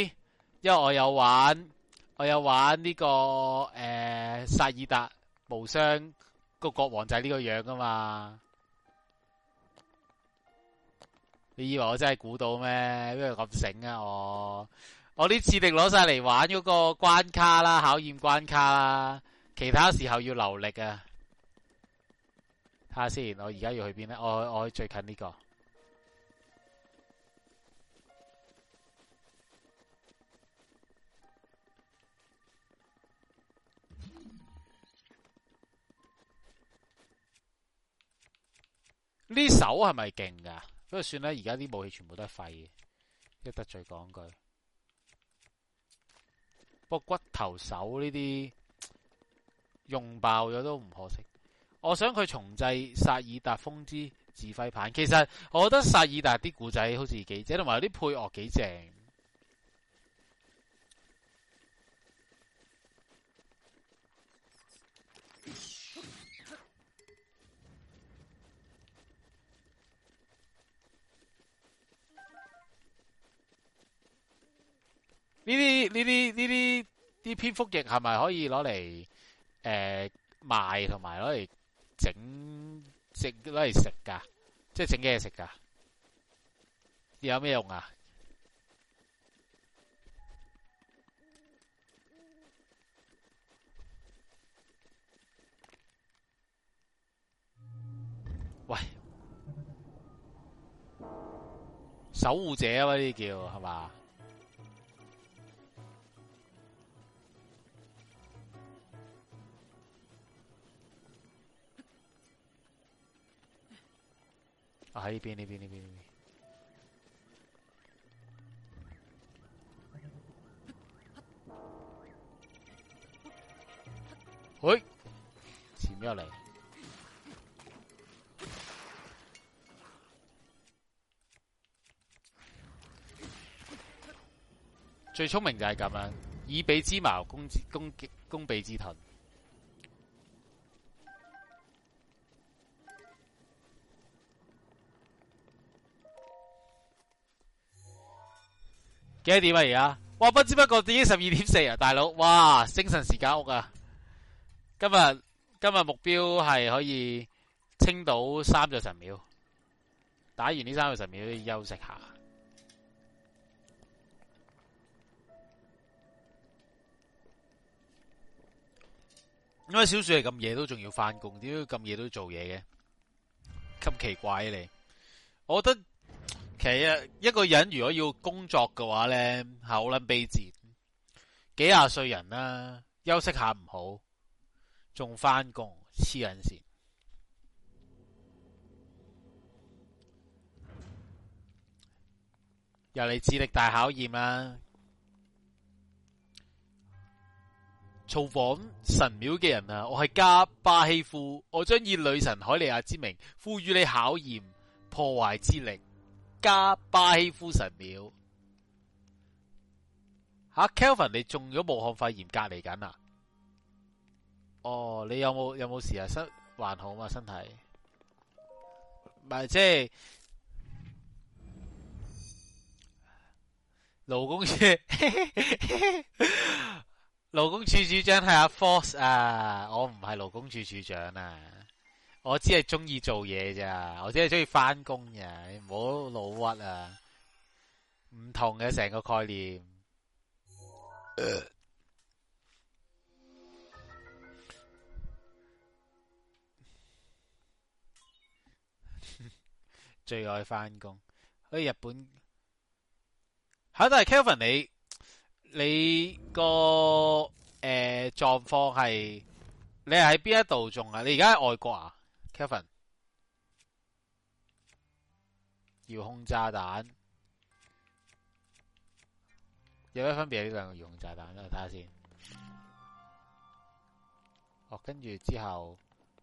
因為我有玩，我有玩呢、這個誒，薩爾達無雙個國王仔呢個樣噶嘛。你以為我真係估到咩？邊度咁醒啊？哦、我我呢次定攞晒嚟玩嗰個關卡啦，考驗關卡啦。其他時候要努力啊！睇下先，我而家要去邊呢？我我去最近呢個呢手係咪勁噶？不過算啦，而家啲武器全部都係廢嘅，一得罪講句。不過骨頭手呢啲。這些用爆咗都唔可惜。我想佢重製《薩爾達風之指揮棒》。其實我覺得《薩爾達》啲古仔好似幾，即係同埋啲配樂幾正。呢啲呢啲呢啲啲蝙蝠翼係咪可以攞嚟？誒，賣同埋攞嚟整，整，攞嚟食㗎，即係整嘢食㗎，有咩用啊？喂，守護者啊嘛，呢啲叫係嘛？啊！呢邊呢邊呢邊呢邊。喂，前邊嚟。最聰明就係咁樣，以彼之矛攻之，攻擊攻彼之盾。幾多點啊而家？哇，不知不覺已經十二點四啊！大佬，哇，精神時間屋啊今日！今日今日目標係可以清到三座神廟，打完呢三座神廟休息一下。因為小雪係咁夜都仲要翻工，點解咁夜都要做嘢嘅？咁奇怪啊你！我覺得。其實一個人如果要工作嘅話呢，係好捻卑賤。幾廿歲人啦，休息下唔好，仲翻工，黐人線。又嚟智力大考驗啦！造訪神廟嘅人啊，我係加巴希夫，我將以女神海利亞之名，賦予你考驗破壞之力。加拜夫神廟，吓、啊、Kelvin，你中咗武漢肺炎隔離緊啊？哦，你有冇有冇事啊？身還好嘛、啊，身體。咪，即係勞工處，勞工處處長係阿 Force 啊，我唔係勞工處處長啊。我只係中意做嘢咋，我只係中意翻工嘅，你唔好老屈啊！唔同嘅，成個概念。 最愛翻工。去日本吓，但係 Kelvin 你你個誒狀況係你係喺邊一度仲啊？你而家喺外國啊？k 遙控炸彈有咩分別？呢兩個遙控炸彈，睇下先。哦，跟住之後，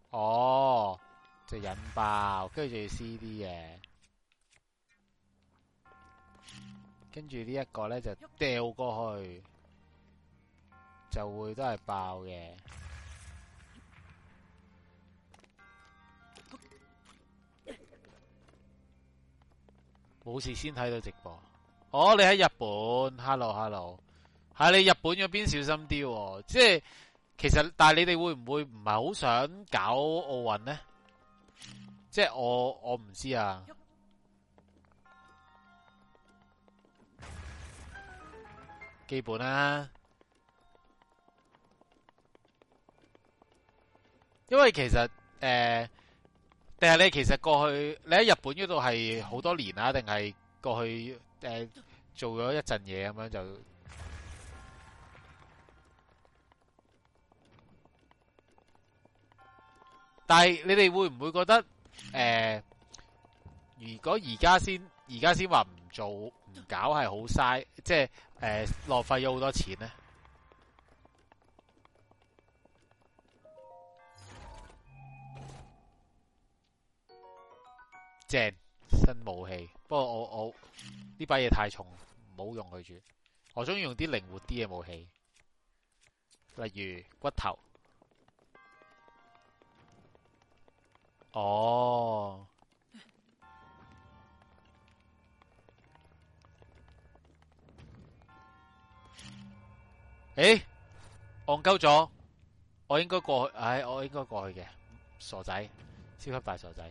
哦，就引爆，跟住仲要 C D 嘅，跟住呢一個咧就掉過去，就會都係爆嘅。冇事先睇到直播，哦，你喺日本，hello hello，喺、啊、你日本嗰邊小心啲，即係其實，但係你哋會唔會唔係好想搞奧運呢？即、就、係、是、我我唔知啊，基本啦、啊，因為其實誒。呃定係你是其實過去你喺日本嗰度係好多年啊，定係過去誒、呃、做咗一陣嘢咁樣就？但係你哋會唔會覺得誒、呃？如果而家先而家先話唔做唔搞係好嘥，即係誒浪費咗好多錢呢？正，新武器，不過我我呢把嘢太重，唔好用佢住。我中意用啲靈活啲嘅武器，例如骨頭。哦。誒、嗯，戇鳩咗，我應該過去，唉，我應該過去嘅，傻仔，超級大傻仔。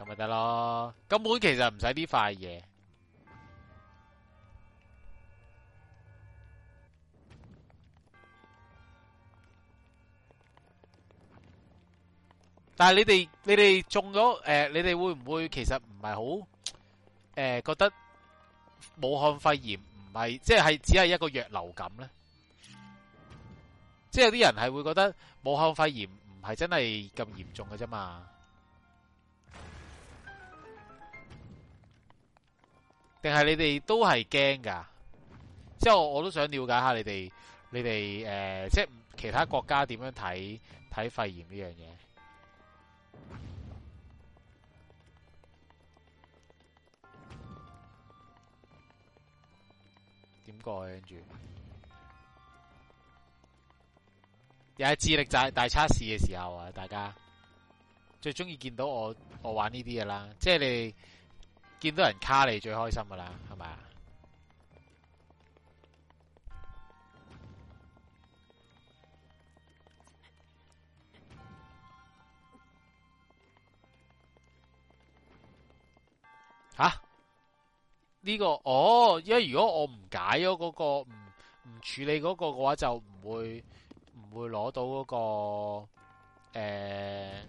咁咪得咯，根本其實唔使呢塊嘢。但係你哋你哋中咗誒，你哋會唔會其實唔係好誒覺得武漢肺炎唔係即係只係一個弱流感咧？即係有啲人係會覺得武漢肺炎唔係真係咁嚴重嘅啫嘛。定係你哋都係驚噶，即係我，我都想了解下你哋，你哋誒、呃，即係其他國家點樣睇睇肺炎呢樣嘢？點過跟住又係智力大大測試嘅時候啊！大家最中意見到我我玩呢啲嘢啦，即係你。見到人卡你最開心噶啦，係咪啊？啊！呢個哦，因為如果我唔解咗嗰個唔，唔處理嗰個嘅話就，就唔會唔會攞到嗰個誒誒。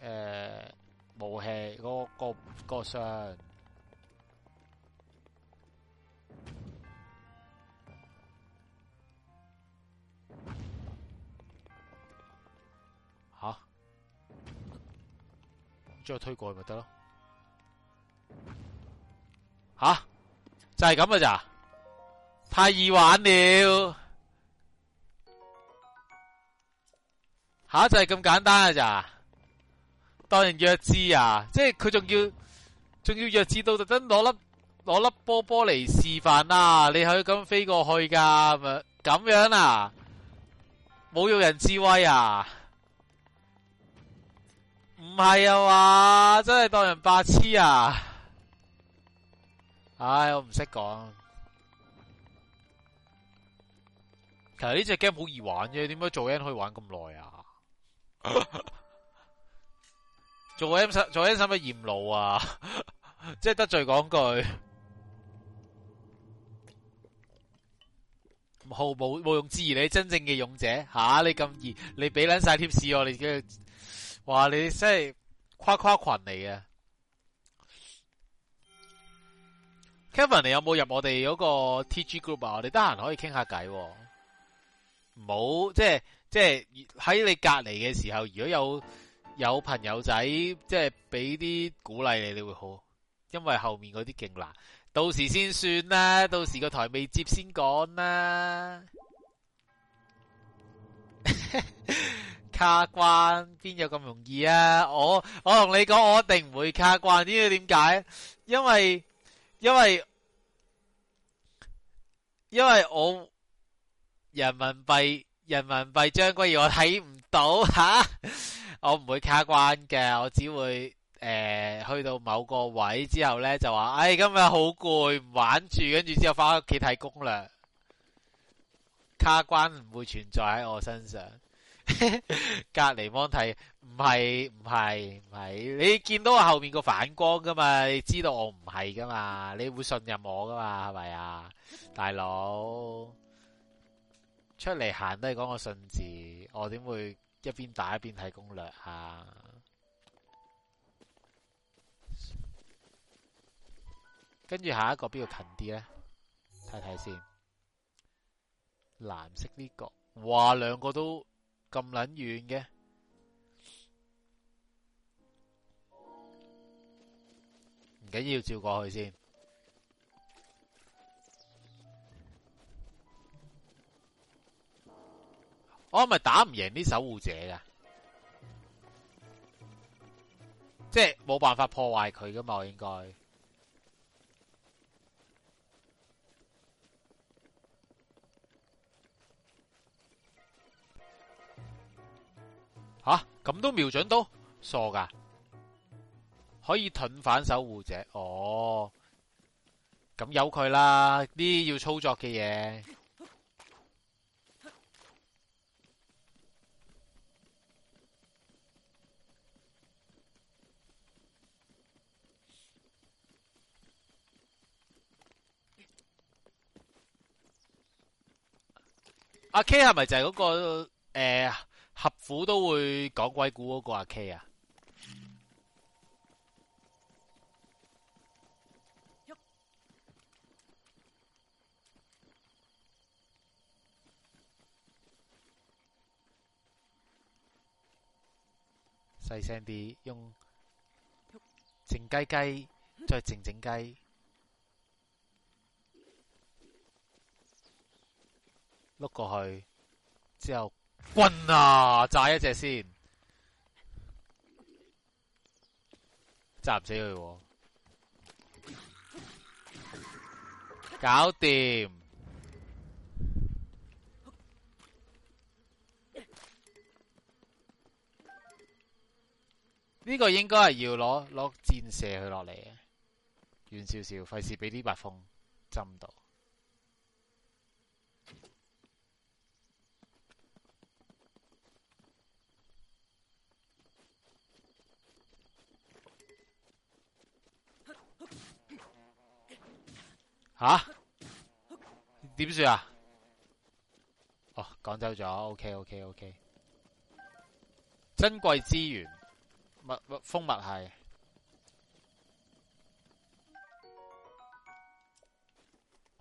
呃呃武器嗰、嗰個、嗰個箱吓，將、那個啊、推過去咪得咯吓，就係咁嘅咋？太易玩了吓、啊，就係、是、咁簡單嘅咋？當人弱智啊！即係佢仲要仲要弱智到特登攞粒攞粒波波嚟示範啊！你可以咁飛過去噶咁樣啊！侮辱人智慧啊！唔係啊嘛，真係當人白痴啊！唉，我唔識講。其實呢隻 game 好易玩嘅，點解做人可以玩咁耐啊？ 做 M 十做 M 十咪嫌老啊！即係得罪講句，毫無無用之疑你真正嘅勇者吓你咁易，你俾捻晒貼士我，你嘅話你真係跨跨群嚟嘅。Kevin，你有冇入我哋嗰個 TG group 啊？我哋得閒可以傾下偈。唔好即係即係喺你隔籬嘅時候，如果有。有朋友仔即係俾啲鼓勵你，你會好，因為後面嗰啲勁啦，到時先算啦，到時，到時個台未接先講啦。卡關邊有咁容易啊？我我同你講，我一定唔會卡關，呢個點解？因為因為因為我人民幣人民幣張君怡我睇唔。到、啊、吓，我唔會卡關嘅，我只會誒、呃、去到某個位之後呢，就話，哎，今日好攰，唔玩住，跟住之後翻屋企睇攻略，卡關唔會存在喺我身上。 隔離蒙睇，唔係唔係唔係，你見到我後面個反光噶嘛，你知道我唔係噶嘛，你會信任我噶嘛，係咪啊，大佬？出嚟行都係講個信字，我點會？一邊打一邊睇攻略啊！跟住下一個邊度近啲咧？睇睇先，藍色呢個，哇，兩個都咁撚遠嘅，唔緊要，照過去先。我、哦、咪打唔贏啲守護者呀，即係冇辦法破壞佢噶嘛，我應該吓，咁都瞄準到，傻噶，可以盾反守護者哦，咁有佢啦，呢啲要操作嘅嘢。阿 K 係咪就係嗰個誒，合府都會講鬼故嗰個阿 K 啊？細聲啲，用靜雞雞再靜靜雞。碌過去之後，棍啊炸一隻先，炸唔死佢喎，搞掂。呢個應該係要攞攞箭射佢落嚟嘅，遠少少，費事俾啲蜜蜂針到。吓、啊？點算啊？哦，講走咗，OK，OK，OK、OK, OK, OK。珍貴資源，蜜蜂蜜係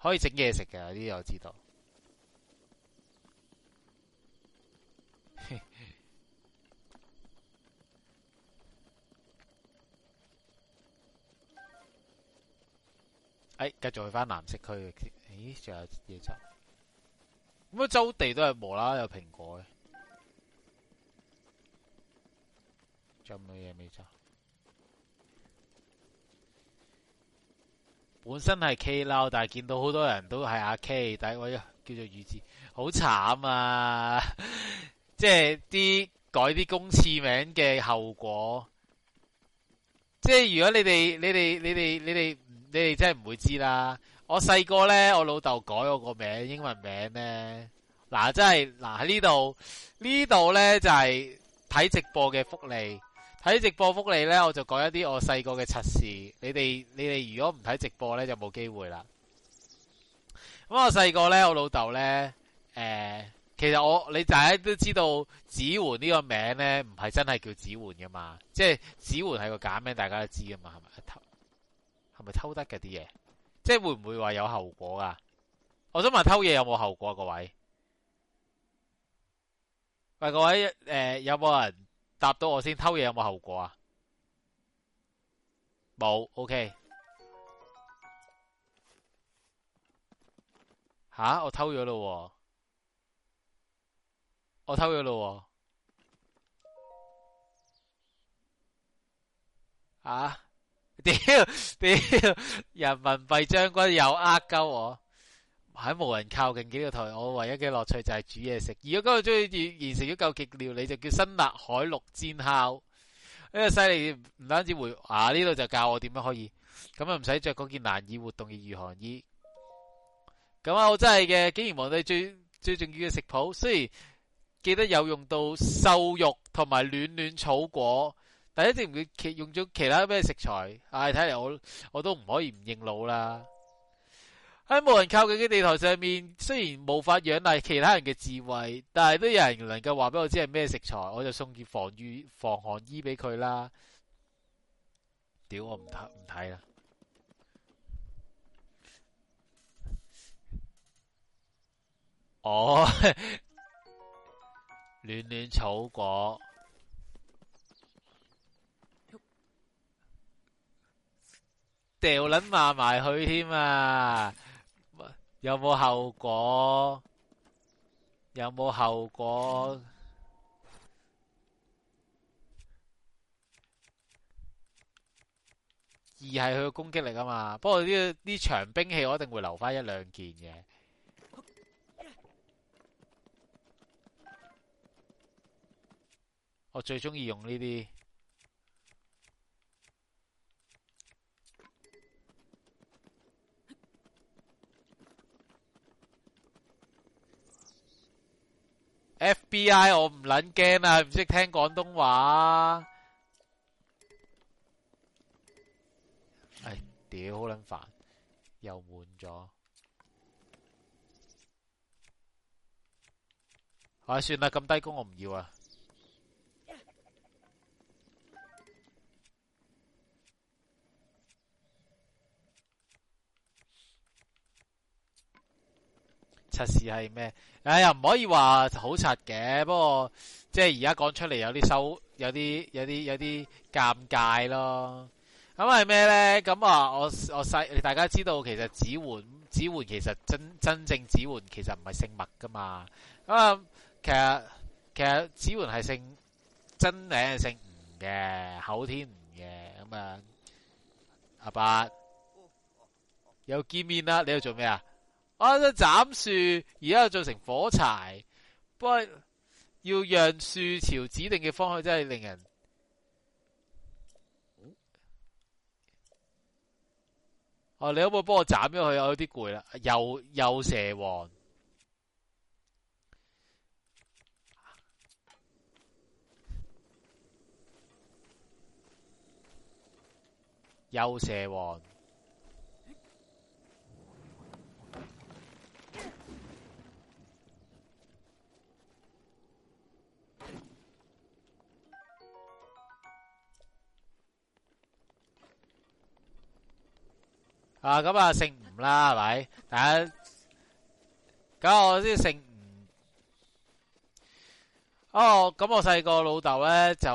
可以整嘢食嘅，呢啲我知道。誒、哎，繼續去翻藍色區嘅，咦？仲有嘢執？咁周地都係無啦啦有蘋果嘅，咁冇嘢未執。本身係 K 撈，但係見到好多人都係阿 K，但係我叫做預知，好慘啊！即係啲改啲公司名嘅後果，即、就、係、是、如果你哋、你哋、你哋、你哋。你你哋真係唔會知啦！我細個呢，我老豆改我個名，英文名呢。嗱、啊，真係嗱喺呢度呢度呢，就係、是，睇直播嘅福利，睇直播福利呢，我就講一啲我細個嘅趣事。你哋你哋如果唔睇直播呢，就冇機會啦。咁我細個呢，我老豆呢，誒、呃，其實我你大家都知道子桓呢個名呢，唔係真係叫子桓噶嘛，即、就、係、是、子桓係個假名，大家都知噶嘛，係咪？咪偷得嘅啲嘢，即係會唔會話有後果啊？我想問偷嘢有冇後果啊？各位，喂，各位，誒、呃，有冇人答到我先？偷嘢有冇後果啊？冇，OK。吓、啊，我偷咗咯、啊，我偷咗咯、啊，吓、啊。屌，屌！人民幣將軍又呃鳩我，喺無人靠近幾個台，我唯一嘅樂趣就係煮嘢食。而我今日完成咗究極料理，你就叫辛辣海陸煎烤。呢個犀利唔單止回啊，呢度就教我點樣可以咁樣唔使着嗰件難以活動嘅御寒衣。咁啊，我真係嘅，竟然忘記最最重要嘅食譜，雖然記得有用到瘦肉同埋暖暖草果。但一定唔會用咗其他咩食材，唉、哎，睇嚟我我都唔可以唔認老啦。喺冇人靠近嘅地台上面，雖然無法仰賴其他人嘅智慧，但係都有人能夠話俾我知係咩食材，我就送件防禦防寒衣俾佢啦。屌，我唔睇唔睇啦。哦， 暖暖草果。掉卵罵埋佢添啊！有冇後果？有冇後果？二係佢嘅攻擊力啊嘛！不過呢呢場兵器我一定會留翻一兩件嘅。我最中意用呢啲。FBI，我唔撚驚啊！唔識聽廣東話，哎，屌，好撚煩，又滿咗。哎，算啦，咁低工我唔要啦。測試係咩？誒、哎，又唔可以話好柒嘅，不過即係而家講出嚟有啲羞，有啲有啲有啲尷尬咯。咁係咩咧？咁啊，我我細大家知道其其其、嗯其，其實子桓子桓其實真真正子桓其實唔係姓麥噶嘛。咁啊，其實其實子桓係姓，真名係姓吳嘅，口天吳嘅。咁、嗯、啊，阿伯又見面啦，你度做咩啊？我喺度斬樹，而家又做成火柴，不過要讓樹朝指定嘅方向，真係令人哦、啊！你可唔可以幫我斬咗佢？我有啲攰啦。又又蛇王，又蛇王。啊，咁啊，姓吳啦，係咪？大家，咁我先姓吳。哦，咁我細個老豆咧，就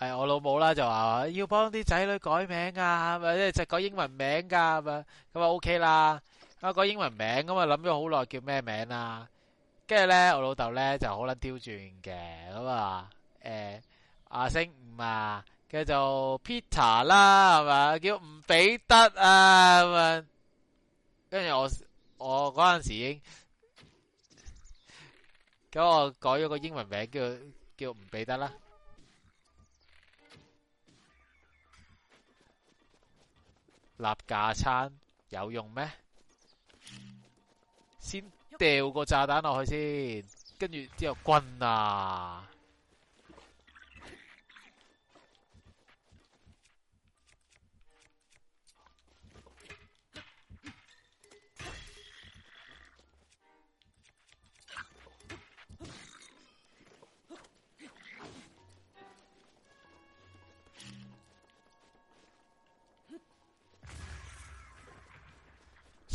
誒，我老母啦就話要幫啲仔女改名啊，咪即係就改英文名噶咁啊，咁啊 OK 啦。咁啊，改英文名咁啊，諗咗好耐叫咩名啊？跟住咧，我老豆咧就好撚刁轉嘅，咁啊，誒，阿姓吳啊。叫做 Peter 啦，係咪啊？叫唔畀得啊，咁啊。跟住我，我嗰陣時已經咁，我改咗個英文名，叫叫唔畀得啦。立架餐有用咩？先掉個炸彈落去先，跟住之後棍啊！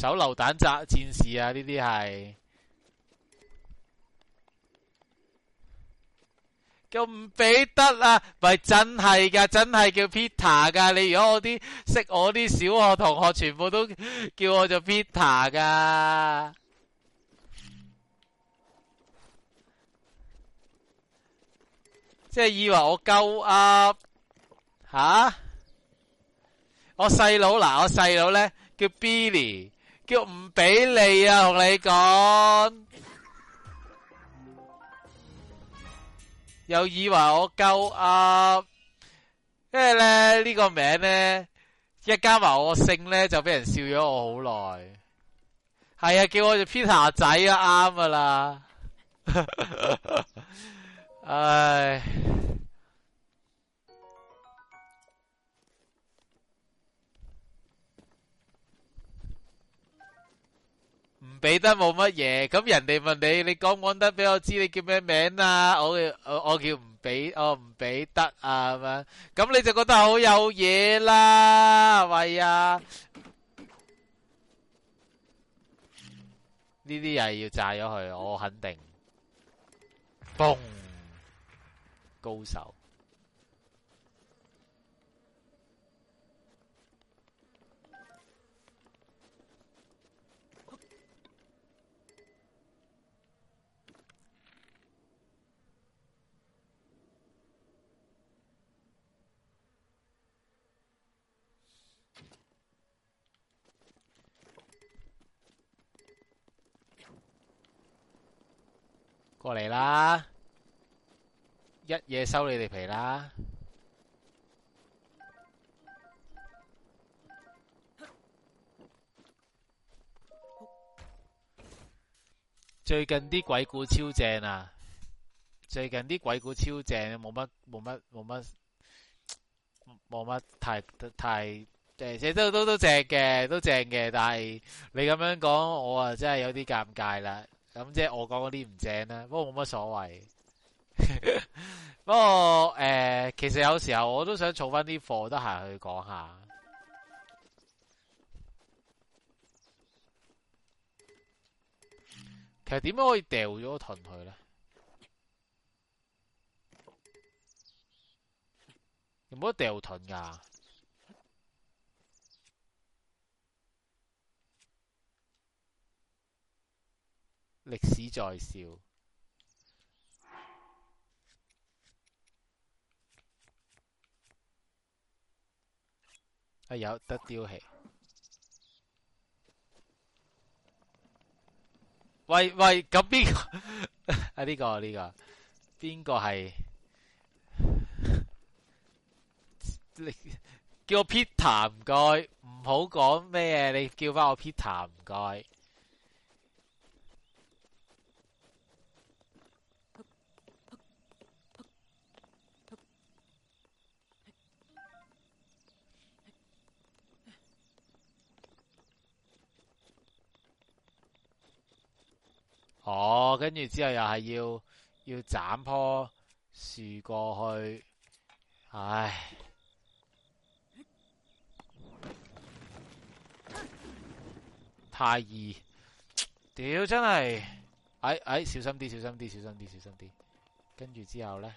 手榴彈炸戰士啊！呢啲係，咁唔俾得啦，咪真係噶，真係叫 Peter 噶。你如果我啲識我啲小學同學，全部都叫我做 Peter 噶， 即係以為我夠噏吓。我細佬嗱，我細佬咧叫 Billy。叫唔俾你啊！同你講，又以為我夠啱、啊，因為咧呢、這個名咧一加埋我姓咧就俾人笑咗我好耐。係啊，叫我 Peter 仔啊，啱啊啦。 唉。俾得冇乜嘢，咁人哋問你，你講講得俾我知，你叫咩名啊？我嘅我我叫唔俾，我唔俾得啊咁樣，咁你就覺得好有嘢啦，係咪啊？呢啲又要炸咗佢，我肯定，嘣，高手。過嚟啦！一夜收你哋皮啦！最近啲鬼故超正啊！最近啲鬼故超正，冇乜冇乜冇乜冇乜太太誒，都都都正嘅，都正嘅。但係你咁樣講，我啊真係有啲尷尬啦。咁即係我講嗰啲唔正啦， 不過冇乜所謂。不過誒，其實有時候我都想儲翻啲貨我得閒去講下。其實點樣可以掉咗盾去咧？有冇得掉盾噶？歷史在笑，啊有得丟棄。喂喂，咁邊個？呢個呢個，邊個係？你叫我 Peter 唔該，唔好講咩嘢。你叫翻我 Peter 唔該。哦，跟住之後又係要要斬棵樹過去，唉，太易，屌真係，哎哎，小心啲，小心啲，小心啲，小心啲，跟住之後咧，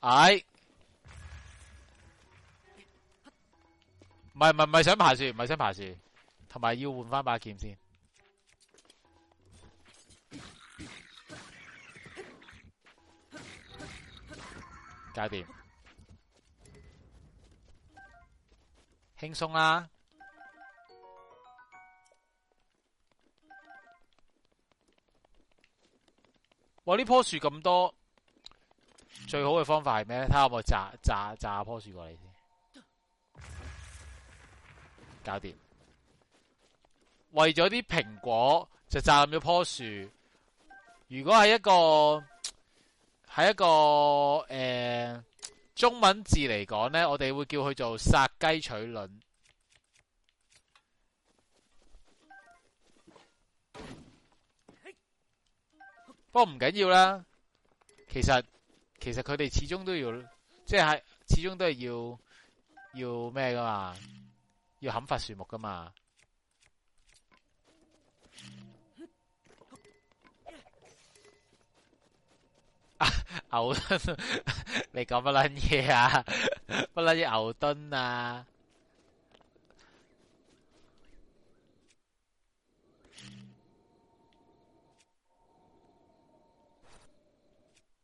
哎。唔係唔係想爬樹，唔係想爬樹，同埋要換翻把劍先。搞掂，輕鬆啦。哇！呢棵樹咁多，最好嘅方法係咩？睇下我咪炸炸炸阿棵樹過嚟。搞掂，為咗啲蘋果就站咗棵樹。如果係一個係一個誒、欸，中文字嚟講呢，我哋會叫佢做殺雞取卵。不過唔緊要緊啦，其實其實佢哋始終都要，即係始終都係要要咩㗎嘛。要砍伐樹木㗎嘛？啊，牛頓，你講乜撚嘢啊？乜撚嘢牛頓啊？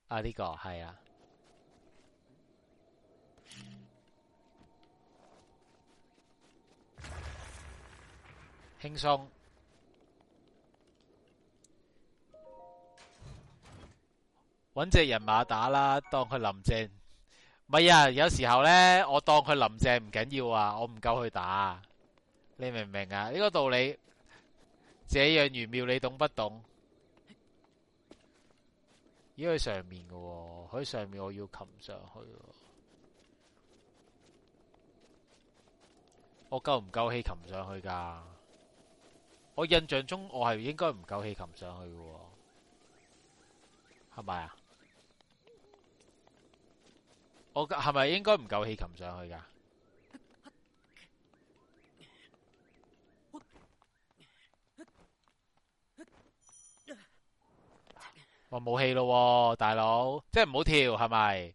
啊，呢個係啊。輕鬆，搵隻人馬打啦，當佢林鄭。唔係啊，有時候咧，我當佢林鄭唔緊要啊，我唔夠去打，你明唔明啊？呢個道理這樣玄妙，你懂不懂？咦，去上面嘅喎，喺上面我要擒上去，我夠唔夠氣擒上去噶？我印象中，我係應該唔夠氣擒上去嘅，係咪啊？我係咪應該唔夠氣擒上去㗎？我冇氣咯，大佬，即係唔好跳，係咪？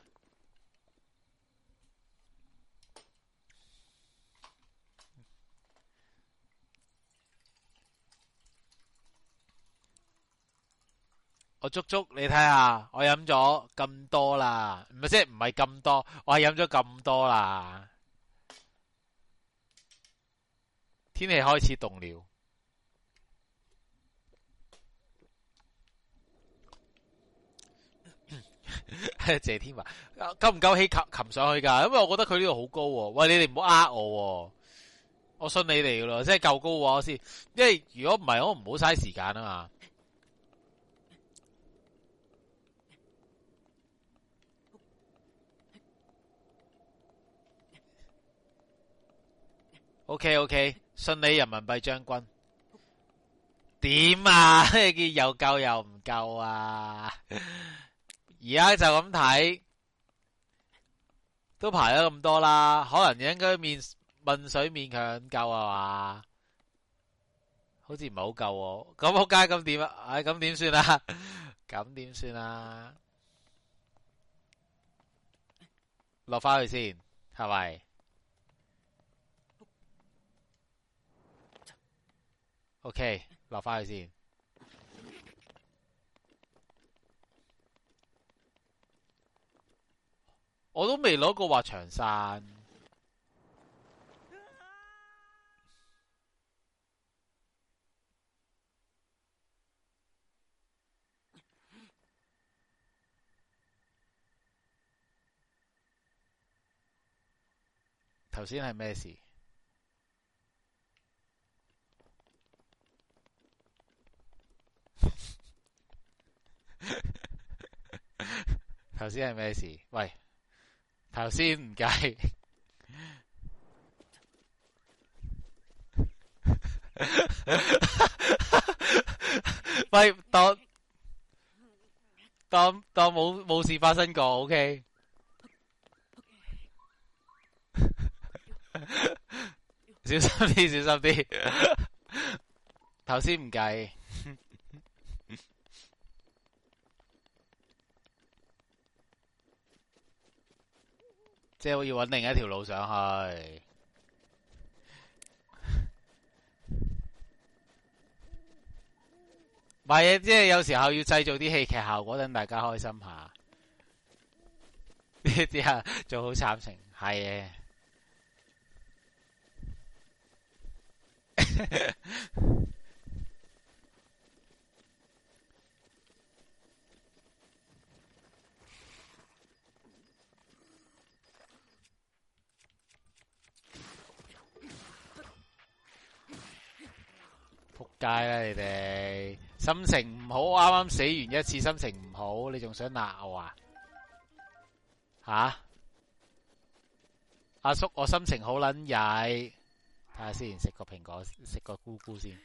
我足足，你睇下，我飲咗咁多啦，唔係即係唔係咁多，我係飲咗咁多啦。天氣開始凍了。謝天華，夠唔夠氣？擒上去噶？因為我覺得佢呢度好高啊。喂，你哋唔好呃我啊，我信你哋噶咯，即係夠高先啊。因為如果唔係，我唔好嘥時間啊嘛。O K O K，信你人民幣將軍，點啊？佢又夠又唔夠啊！而家就咁睇，都排咗咁多啦，可能應該面問水勉強夠啊嘛？好似唔係好夠喎，咁仆街咁點啊？唉，咁點算啊？咁點算啊？落翻去先係咪？OK，留翻去先。我都未攞過滑翔傘。頭先係咩事？頭先係咩事？喂，頭先唔計。喂，當當當冇冇事發生過，OK？小心啲，小心啲。頭先唔計。即係我要搵另一條路上去，賣嘢即係有時候要製造啲戲劇效果，等大家開心下。呢啲啊，做好慘情係。街啦，你哋心情唔好，啱啱死完一次，心情唔好，你仲想鬧我啊？吓？阿叔，我心情好撚曳，睇下先，食個蘋果，食個咕咕先。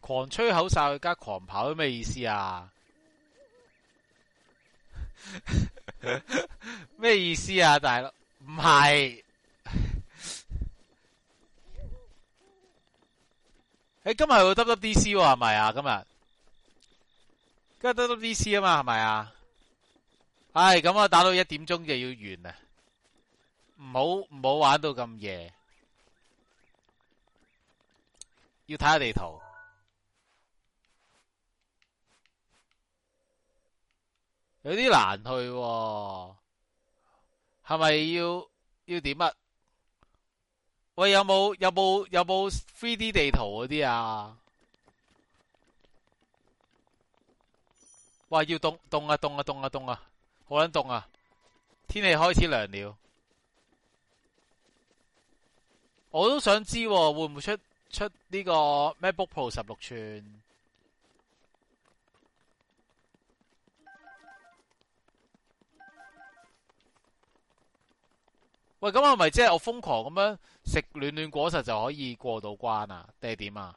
狂吹口哨加狂跑，咩意思啊？咩 意思啊？大佬，唔係。 誒，今日係去 WDC 係咪啊？今日，今日 WDC 啊嘛，係咪啊？唉咁啊，打到一點鐘就要完啦，唔好唔好玩到咁夜，要睇下地圖，有啲難去，係咪要要點啊？喂，有冇有冇有冇 3D 地圖嗰啲啊？哇，要凍凍啊凍啊凍啊凍啊，好撚凍啊！天氣開始涼了，我都想知、啊、會唔會出出呢個 MacBook Pro 十六寸？喂，咁係咪即係我瘋狂咁樣？食暖暖果實就可以過到關啊？定係點啊？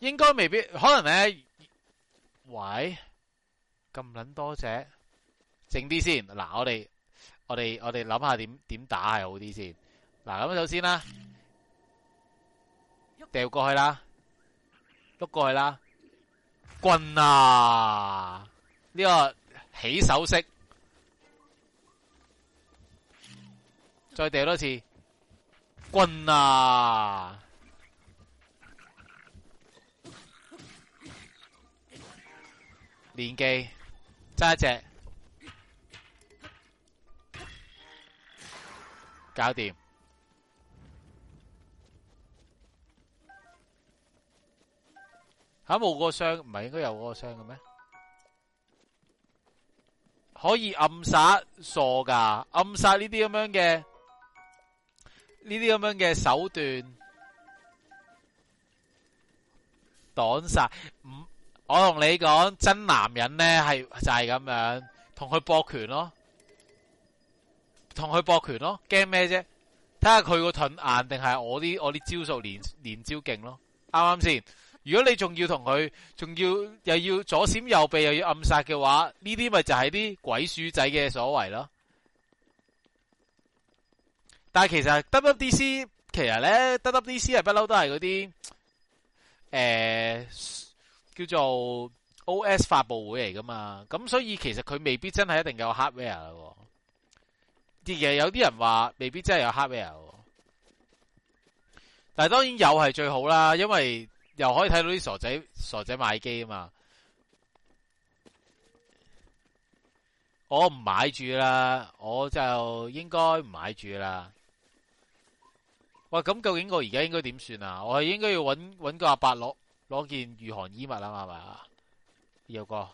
應該未必，可能咧。喂，咁捻多隻，靜啲先。嗱，我哋我哋我哋諗下點點打係好啲先。嗱，咁首先啦，掟過去啦，碌過去啦，棍啊！呢個起手式。再掉多次棍啊！練技揸隻， 搞掂。吓，冇個箱，唔係應該有個箱嘅咩？可以暗殺傻㗎，暗殺呢啲咁樣嘅。呢啲咁樣嘅手段擋殺，唔、嗯，我同你講，真男人呢，係就係、是、咁樣，同佢搏拳咯，同佢搏拳咯，驚咩啫？睇下佢個盾硬定係我啲我啲招數連連招勁咯，啱唔啱先？如果你仲要同佢仲要又要左閃右避又要暗殺嘅話，呢啲咪就係啲鬼鼠仔嘅所為咯。但係其實 WDC 其實咧，WDC 係不嬲都係嗰啲誒叫做 OS 發佈會嚟噶嘛，咁所以其實佢未必真係一定有 hardware 咯。而其實有啲人話未必真係有 hardware，但係當然有係最好啦，因為又可以睇到啲傻仔傻仔買機啊嘛。我唔買住啦，我就應該唔買住啦。喂，咁究竟我而家應該點算啊？我係應該要搵搵個阿伯攞攞件御寒衣物啊嘛，係咪啊？有個，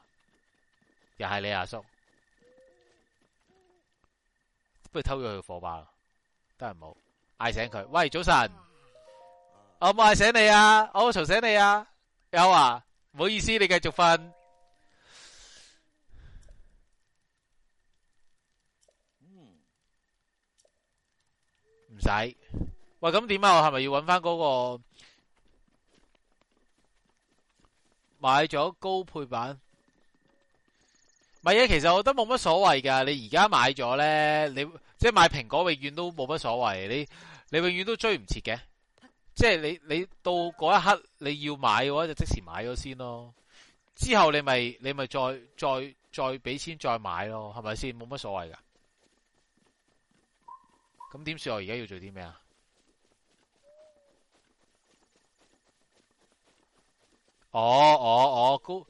又係你阿、啊、叔，不如偷咗佢火把啦，得唔冇，嗌醒佢，喂，早晨，啊、我冇嗌醒你啊，我嘈醒你啊，有啊，唔好意思，你繼續瞓，唔、嗯、使。喂，咁點啊？我係咪要搵翻嗰個買咗高配版？唔係啊，其實我覺得冇乜所謂噶。你而家買咗呢？你即係買蘋果，永遠都冇乜所謂。你你永遠都追唔切嘅。即係你你到嗰一刻你要買嘅話，就即時買咗先咯。之後你咪你咪再再再俾錢再買咯，係咪先？冇乜所謂噶。咁點算？我而家要做啲咩啊？哦哦哦，高、哦、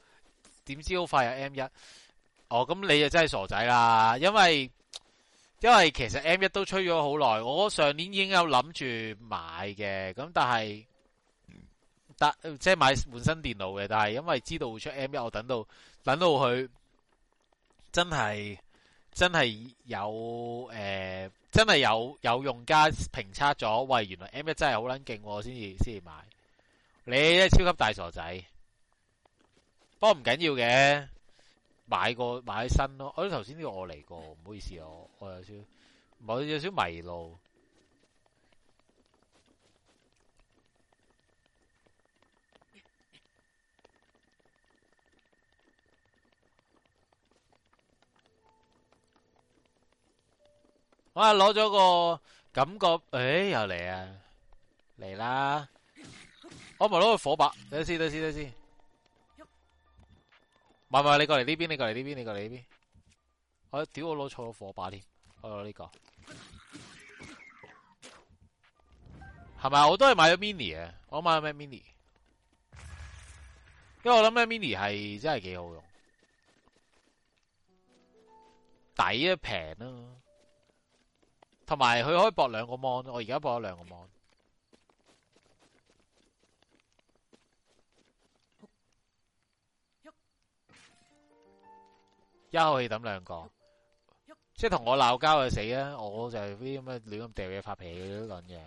點、哦、知好快啊 M 一，哦咁你就真係傻仔啦，因為因為其實 M 一都吹咗好耐，我上年已經有諗住買嘅，咁但係但即係買換新電腦嘅，但係因為知道會出 M 一，我等到等到佢真係真係有誒、呃、真係有有用家評測咗，喂原來 M 一真係好撚勁，我先至先至買，你真係超級大傻仔。不過唔緊要嘅，買過買新咯。我啲頭先呢個我嚟過，唔好意思我我有少，我有少迷路。哇！攞咗個感覺，誒又嚟啊！嚟啦！我咪攞個火把，等先等先等先。唔係你過嚟呢邊，你過嚟呢邊，你過嚟呢邊。我屌我攞錯個火把添，我攞呢、這個。係咪？我都係買咗 mini 啊！我買咗咩 mini？因為我諗咩 mini 係真係幾好用，抵啊平啊。同埋佢可以駁兩個 mon，我而家駁咗兩個 mon。家可以抌兩個，即係同我鬧交就死啊！我就係啲咩嘅，亂咁掉嘢，發脾氣啲卵嘅，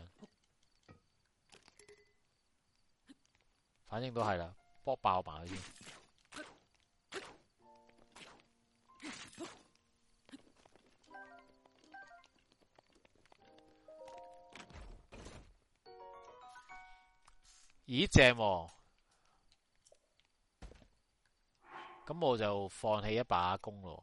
反正都係啦，搏爆埋佢先。咦，正喎！咁我就放棄一把弓咯。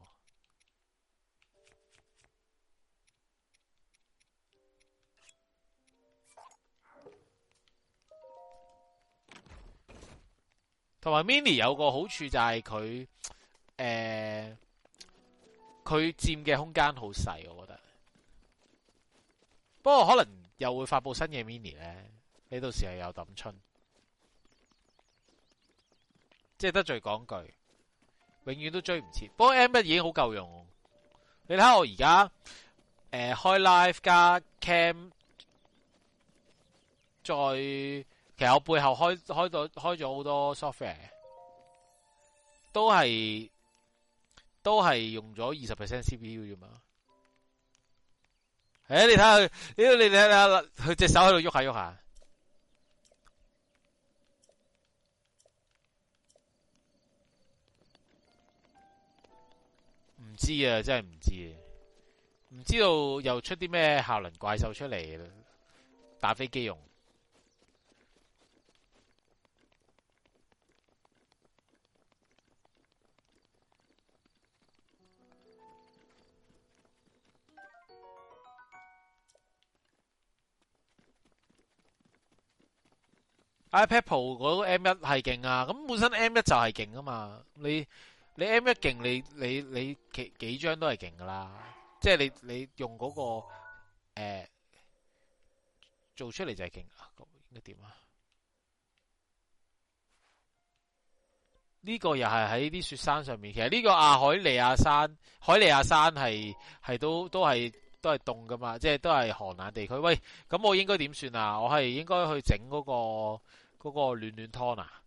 同埋 Minnie 有個好處就係佢，誒、呃，佢佔嘅空間好細，我覺得。不過可能又會發佈新嘅 Minnie 咧，呢，到時候有抌春，即係得罪講句。永遠都追唔切，不過 M1 已經好夠用。你睇下我而家，誒、呃、開 live 加 cam，再其實我背後開開咗開咗好多 software，都係都係用咗二十 percent CPU 啫嘛。誒、欸，你睇下，佢，你睇下佢隻手喺度喐下喐下。唔知啊，真係唔知啊，唔知道又出啲咩效能怪獸出嚟啦，打飛機用。iPad Pro 嗰個 M1 係勁啊，咁本身 M1 就係勁啊嘛，你。你 M 一勁,你你你幾幾張都係勁噶啦，即係你你用嗰個誒、呃、做出嚟就係勁啦，應該點啊？呢個又係喺啲雪山上面，其實呢個亞海尼亞山，海尼亞山係係都都係都係凍噶嘛，即係都係寒冷地區。喂，咁我應該點算啊？我係應該去整嗰個嗰個暖暖湯啊？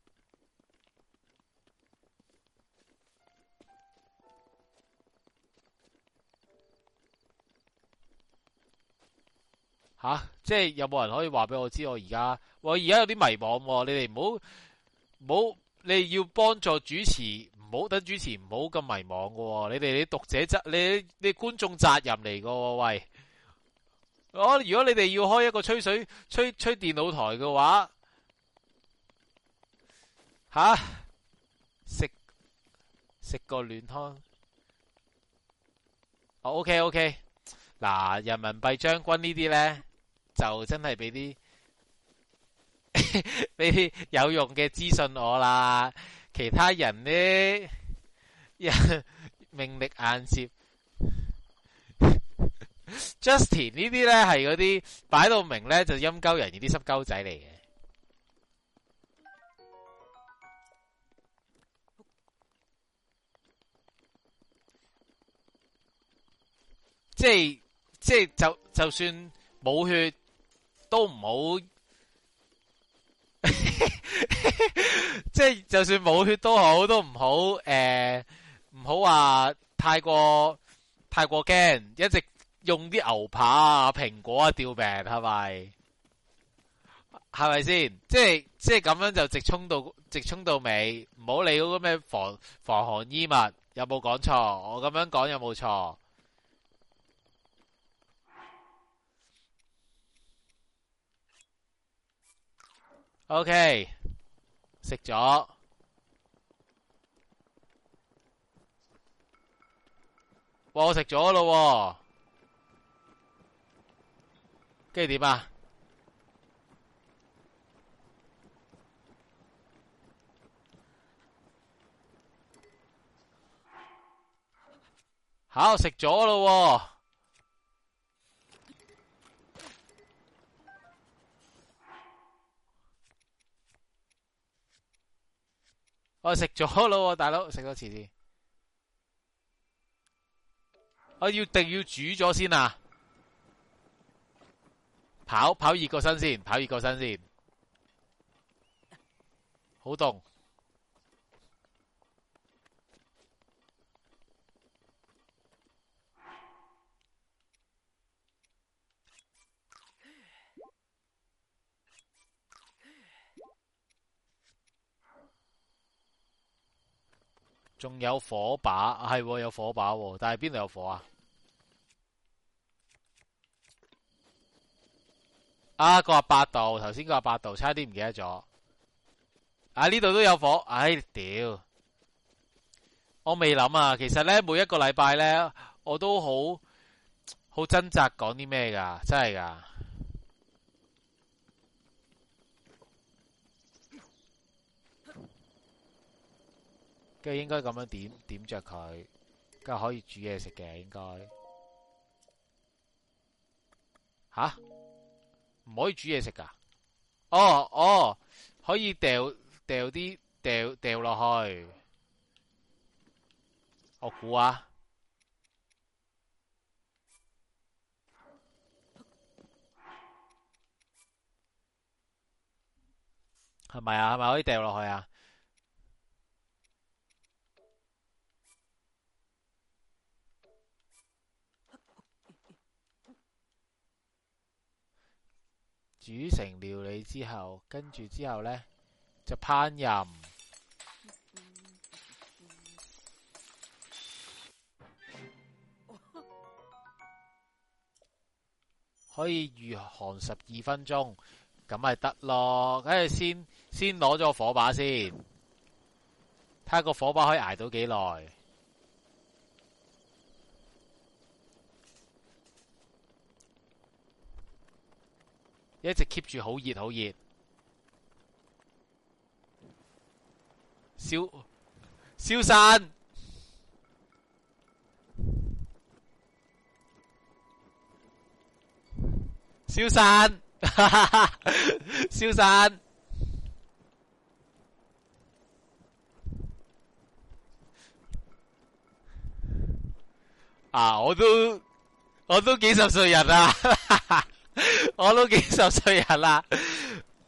吓、啊，即係有冇人可以話俾我知我而家我而家有啲迷茫、哦，你哋唔好唔好，你要幫助主持，唔好等主持唔好咁迷茫噶、哦。你哋啲讀者你你，你觀眾責任嚟噶、哦。喂、啊，如果你哋要開一個吹水吹吹電腦台嘅話，吓食食個暖湯。OK OK，嗱、啊，人民幣將軍呢啲呢。就真係俾啲俾啲有用嘅資訊我啦，其他人呢， 命力眼接 ，Justin 呢啲咧係嗰啲擺到明咧就陰鳩人哋啲濕鳩仔嚟嘅，即係即係就就算冇血。都唔好，即係就算冇血都好，都唔好誒，唔好話太過太過驚，一直用啲牛扒啊、蘋果啊吊命，係咪？係咪先？即係即係咁樣就直衝到直衝到尾，唔好理嗰個咩防防寒衣物，有冇講錯？我咁樣講有冇錯？OK，食咗，我食咗咯，即係點啊？好、啊，食咗咯。我食咗咯，大佬食咗遲啲。我要定要煮咗先啊！跑跑熱個身先，跑熱個身先，好凍。仲有火把，係、啊、有火把，但係邊度有火啊？啊，佢話八度，頭先佢話八度，差啲唔記得咗，啊。啊呢度都有火，唉、哎、屌！我未諗啊，其實咧每一個禮拜咧，我都好好掙扎講啲咩噶，真係噶。跟住應該咁樣點點着佢，跟住可以煮嘢食嘅應該。吓，唔可以煮嘢食㗎？哦哦，可以掉掉啲掉掉落去，我估啊！係咪啊？係咪可以掉落去啊？煮成料理之後，跟住之後呢，就烹飪，可以御寒十二分鐘，咁咪得咯。跟住先先攞咗個火把先，睇下個火把可以捱到幾耐。一直 keep 住好熱，好熱，消山，散，消散，消散，啊！我都我都幾十歲人啦，啊。 我都幾十歲人啦，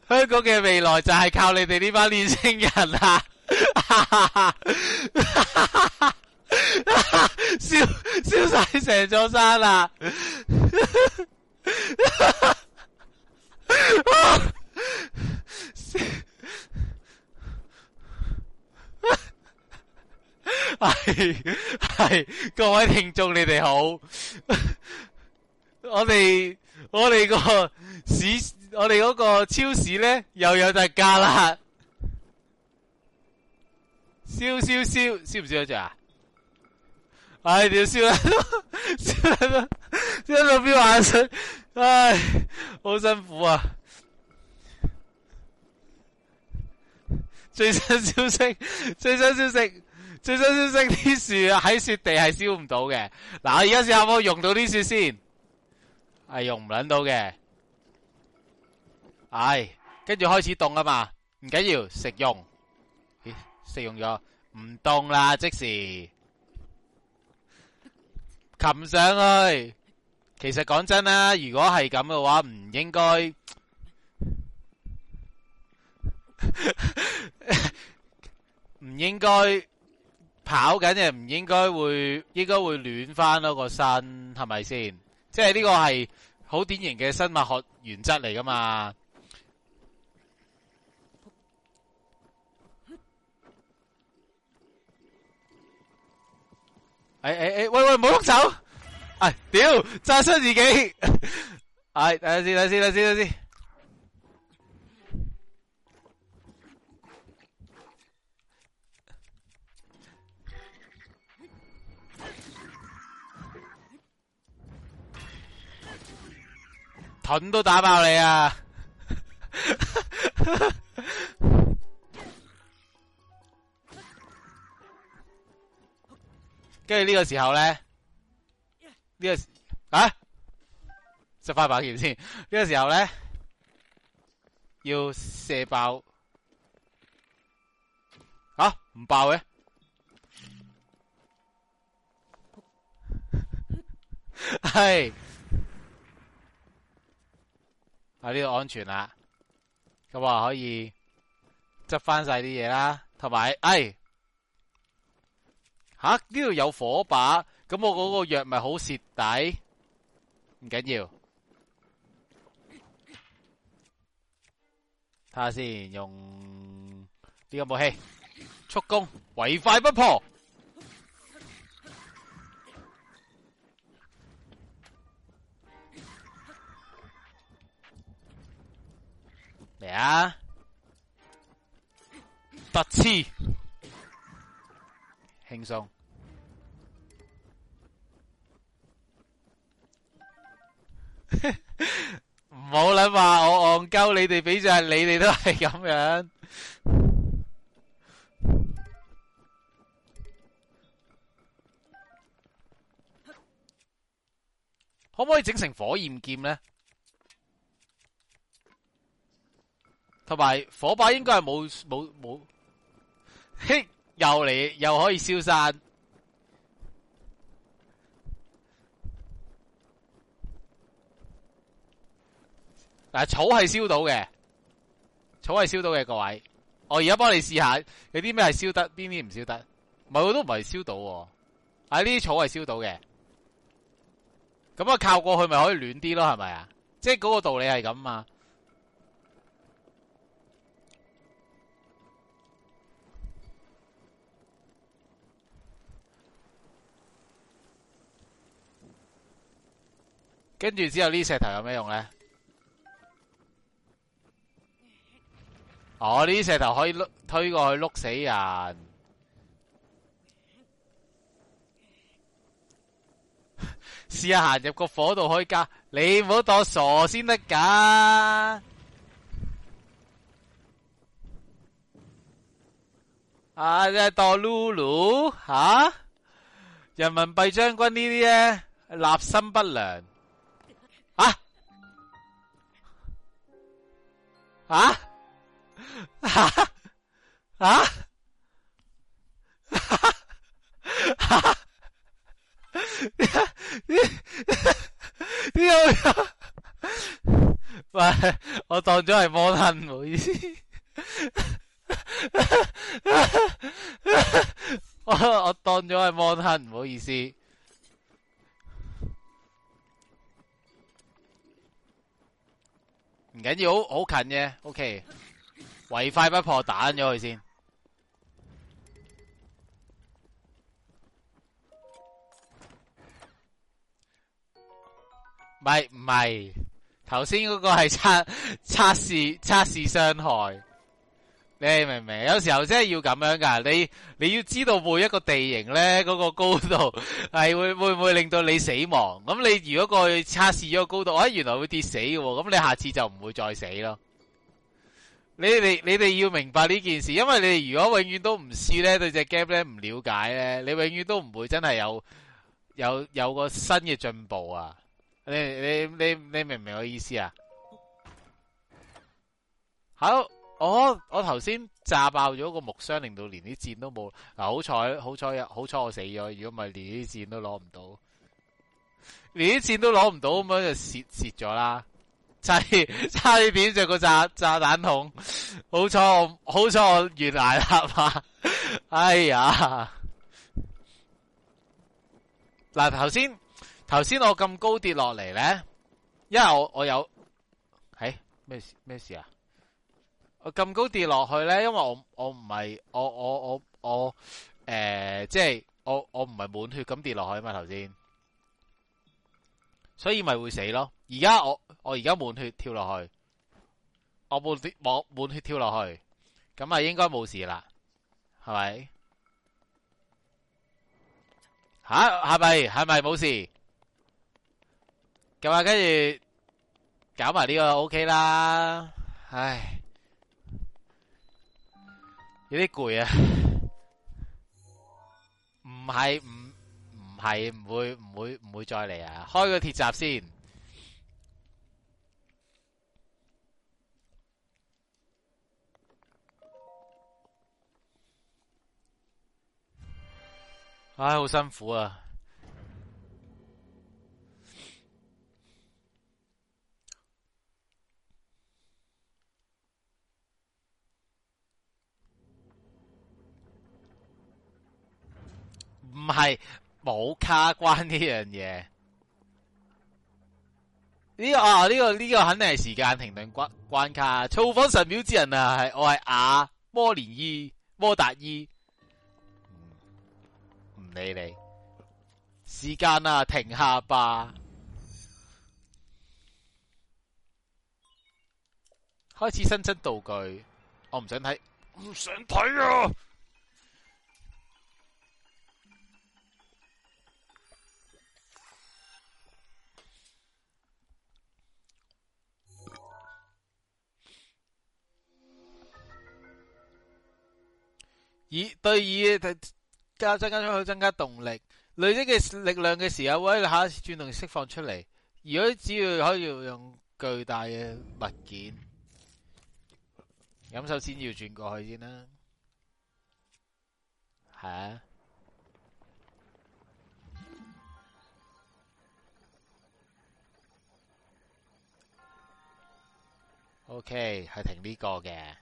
香港嘅未來就係靠你哋呢班年輕人啦，啊啊啊啊，笑笑晒成座山啦！係、啊啊、各位聽眾，你哋好，我哋。我哋個市，我哋個超市咧又有特價啦！燒燒燒燒唔燒得着啊？唉、哎，點燒啊？燒啊！一路邊玩水，唉，好辛苦啊最！最新消息，最新消息，最新消息，啲樹喺雪地係燒唔到嘅。嗱，而家試下可唔可用到啲樹先？係用唔捻到嘅，唉，跟住開始凍啊嘛，唔緊要，食用，食用咗唔凍啦，即時擒上去。其實講真啦，如果係咁嘅話，唔應該，唔應該跑緊嘅，唔應該會，應該會暖翻嗰個身，係咪先？即係呢個係好典型嘅生物學原則嚟噶嘛？誒誒誒，喂喂，唔好碌走！啊，屌，炸傷自己！係，睇下先，睇下先，睇下先，睇下先。盾都打爆你啊！跟住呢個時候咧，呢個啊，十塊把劍先。呢個時候咧，啊、候呢要射爆，啊？唔爆嘅係。喺呢度安全啦，咁啊可以執翻晒啲嘢啦，同埋，哎，吓，呢度有火把，咁我嗰個藥咪好蝕底，唔緊要，睇下先，用呢個武器，速攻，唯快不破。咩啊？白痴，輕鬆，唔好諗話我戇鳩，你哋俾隻，你哋都係咁樣，可唔可以整成火焰劍呢？同埋火把應該係冇冇冇，嘿，沒有 又嚟又可以燒山。嗱，草係燒到嘅，草係燒到嘅各位，哦，我而家幫你試下，有啲咩係燒得，邊啲唔燒得？唔係，我都唔係燒到的。喺呢啲草係燒到嘅，咁啊靠過去咪可以暖啲咯，係咪啊？即係嗰個道理係咁啊。跟住之後呢，石頭有咩用咧？哦，呢石頭可以碌推過去碌死人，試下行入個火度可以加。你唔好當傻先得噶，阿只當擼擼吓？人民幣將軍呢啲咧，立心不良。啊！啊！啊！哈、啊、哈！哈、啊、哈！你、啊、你喂，我當咗係魔吞，唔好意思。 我我當咗係魔吞，唔好意思。唔緊要，好好近嘅，OK。唯快不破打咗佢先，唔係，唔係，頭先嗰個係測測試測試傷害。你明唔明？有時候真係要咁樣噶，你你要知道每一個地形呢，嗰個高度係會會唔會令到你死亡？咁你如果過去測試咗個高度，啊，原來會跌死嘅，咁你下次就唔會再死咯。你哋你哋要明白呢件事，因為你哋如果永遠都唔試呢，對隻 game 呢唔了解呢，你永遠都唔會真係有有有一個新嘅進步啊！你你你你明唔明我意思啊？好。Oh, 我我頭先炸爆咗個木箱，令到連啲箭都冇。嗱，好彩好彩好彩我死咗，如果唔係連啲箭都攞唔到，連啲箭都攞唔到，咁樣就蝕蝕咗啦。差差啲變個炸炸彈筒，好彩我好彩我懸崖勒馬，哎呀！嗱，頭先頭先我咁高跌落嚟咧，因為我我有哎，咩事咩事啊？我咁高跌落去咧，因為我我唔係我我我我誒，即係我我唔係滿血咁跌落去嘛頭先，所以咪會死咯。而家我我而家滿血跳落去，我滿我滿血跳落去，咁啊應該冇事啦，係咪？吓係咪係咪冇事？咁啊跟住搞埋呢個 OK 啦，唉。有啲攰啊，唔係，唔係唔唔係唔會唔會唔會，唔會再嚟啊！開個鐵閘先，唉，哎好辛苦啊！唔係冇卡關呢樣嘢，呢啊呢、呢個呢、呢個肯定係時間停頓關關卡造訪神廟之人啊，係我係阿摩連伊摩達伊，唔理你。時間啊，停下吧，開始新增道具我唔想睇，唔想睇啊！以對，以加增加增加動力，累積嘅力量嘅時候，會，喺下一次轉動釋放出嚟。如果只要可以用巨大嘅物件，咁首先要轉過去先啦。啊 OK，係停呢個嘅。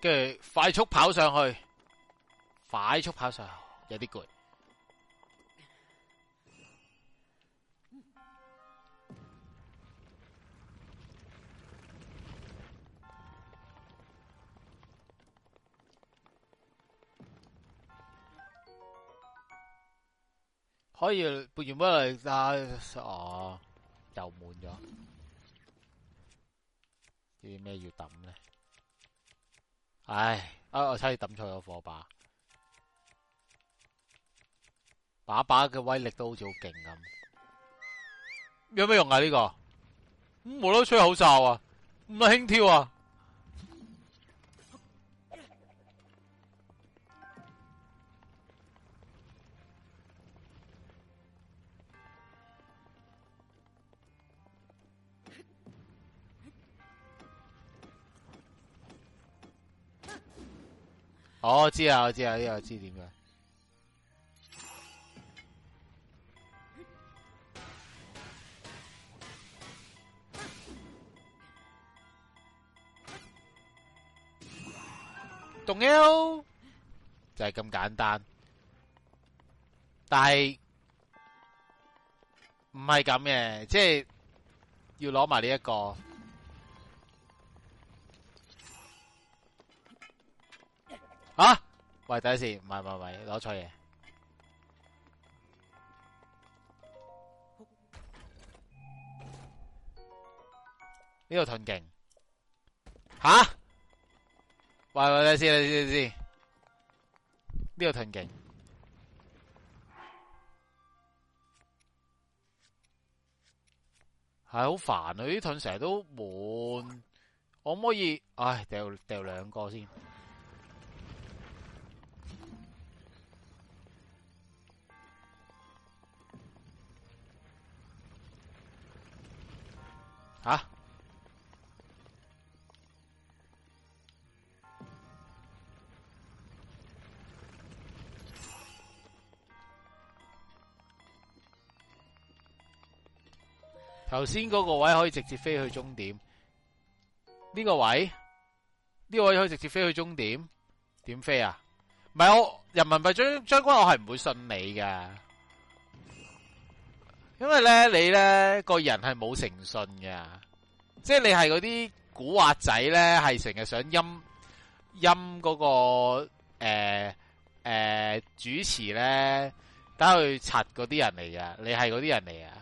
跟住快速跑上去，快速跑上，有啲攰。可以撥完乜嚟啊？哦，又悶咗，呢啲咩要抌呢？唉，啊！我差啲抌錯咗火把，把把嘅威力都好似好勁咁，有咩用啊，這個？呢個冇得吹口哨啊？唔係輕佻啊？哦，我知啊，我知啊，呢個知點解？仲要就係咁簡單，但係唔係咁嘅，即係要攞埋呢一個。啊！喂，第一次，唔係唔係唔係，攞錯嘢。呢度盾勁。吓？喂喂，第一次，第一次，呢個盾勁係好煩啊！呢啲盾成日都悶，我可唔可以？唉，掉掉兩個先。啊！頭先嗰個位可以直接飛去終點，呢個位呢個位可以直接飛去終點？點飛啊？唔係我人民幣將將軍，我係唔會信你㗎。因為咧，你咧個人係冇誠信嘅，即係你係嗰啲古惑仔咧，係成日想陰陰嗰個誒誒、呃呃、主持咧，等去拆嗰啲人嚟㗎。你係嗰啲人嚟啊！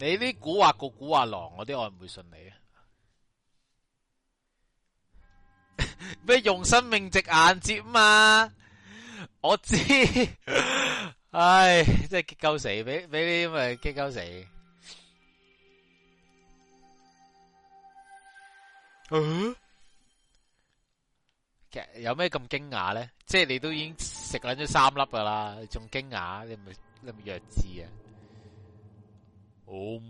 你啲古惑個古惑狼，嗰啲我唔會信你啊！咩用生命值硬接嘛？我知，唉，真係激鳩死，俾俾你咪激鳩死。嗯？其實有咩咁驚訝咧？即係你都已經食撚咗三粒噶啦，仲驚訝？你咪你咪弱智啊！哦，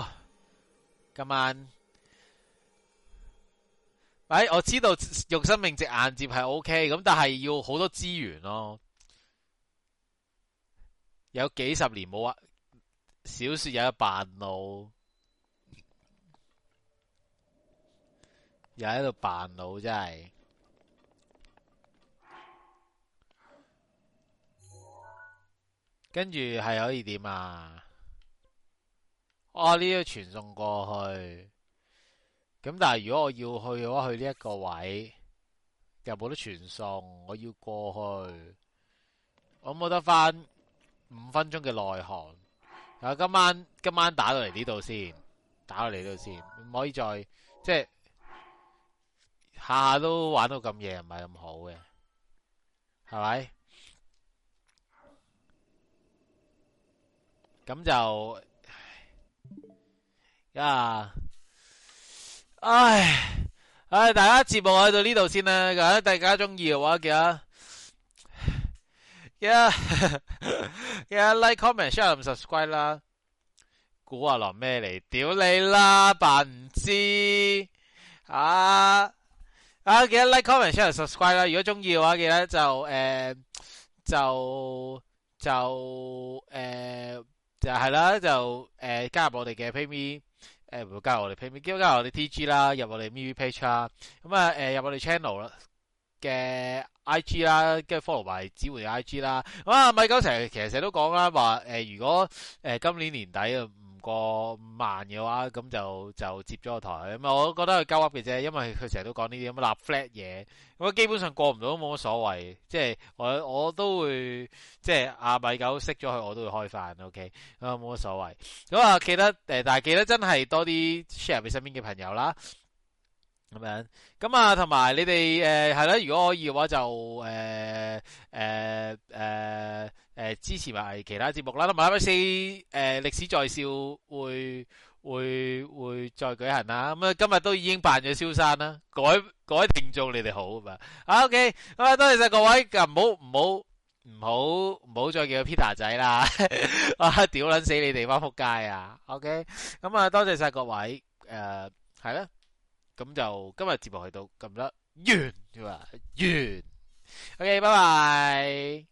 好，今晚。哎，我知道用生命值硬接係 O K，咁但係要好多資源咯，啊。有幾十年冇啊，啊，小說有一扮佬，又喺度扮佬，真係。跟住係可以點啊？哦，呢要傳送過去。咁但係如果我要去嘅話，我去呢一個位又冇得傳送，我要過去，我冇得返五分鐘嘅內行。啊，今晚今晚打到嚟呢度先，打到嚟呢度先，唔可以再即係下下都玩到咁夜，唔係咁好嘅，係咪？咁就啊。唉唉，唉，大家節目去到呢度先啦。大家中意嘅話，記得，記得， 記得，like、comment、share、subscribe 啦。古阿郎咩嚟？屌你啦，扮唔知啊！啊，記得 like、comment、share、subscribe 啦。如果中意嘅話，記得就誒、呃，就就誒，就係、呃就是、啦，就誒、呃，加入我哋嘅 PayMe。誒唔會加入我哋 p a c h a t 加入我哋 TG 啦，入我哋 MV page 啦，咁、嗯、啊，誒、嗯嗯嗯、入我哋 channel 啦嘅 IG 啦，跟住 follow 埋子桓嘅 IG 啦。咁、嗯、啊，米九成其實成日都講啦，話誒、呃、如果誒、呃、今年年底啊～過五萬嘅話，咁就就接咗個台。咁啊，我覺得佢鳩噏嘅啫，因為佢成日都講呢啲咁嘅立 flat 嘢。咁基本上過唔到冇乜所謂。即係我我都會即係阿米狗識咗佢，我都會,我都會開飯。OK，咁啊冇乜所謂。咁啊，記得誒、呃，但係記得真係多啲 share 俾身邊嘅朋友啦。咁樣，咁啊，同埋你哋誒係啦，如果可以嘅話就誒誒誒誒支持埋其他節目啦，同埋呢位先誒歷史在笑會會會再舉行啦。咁、嗯、啊今日都已經辦咗燒山啦，各位各位聽眾你哋好啊。OK，咁啊多謝晒各位，唔好唔好唔好唔好再叫 Peter 仔啦 啊 okay, 啊，啊屌捻死你哋翻扑街啊。OK，咁啊多謝晒各位誒係啦。咁就今日節目去到咁得完，完。OK，拜拜。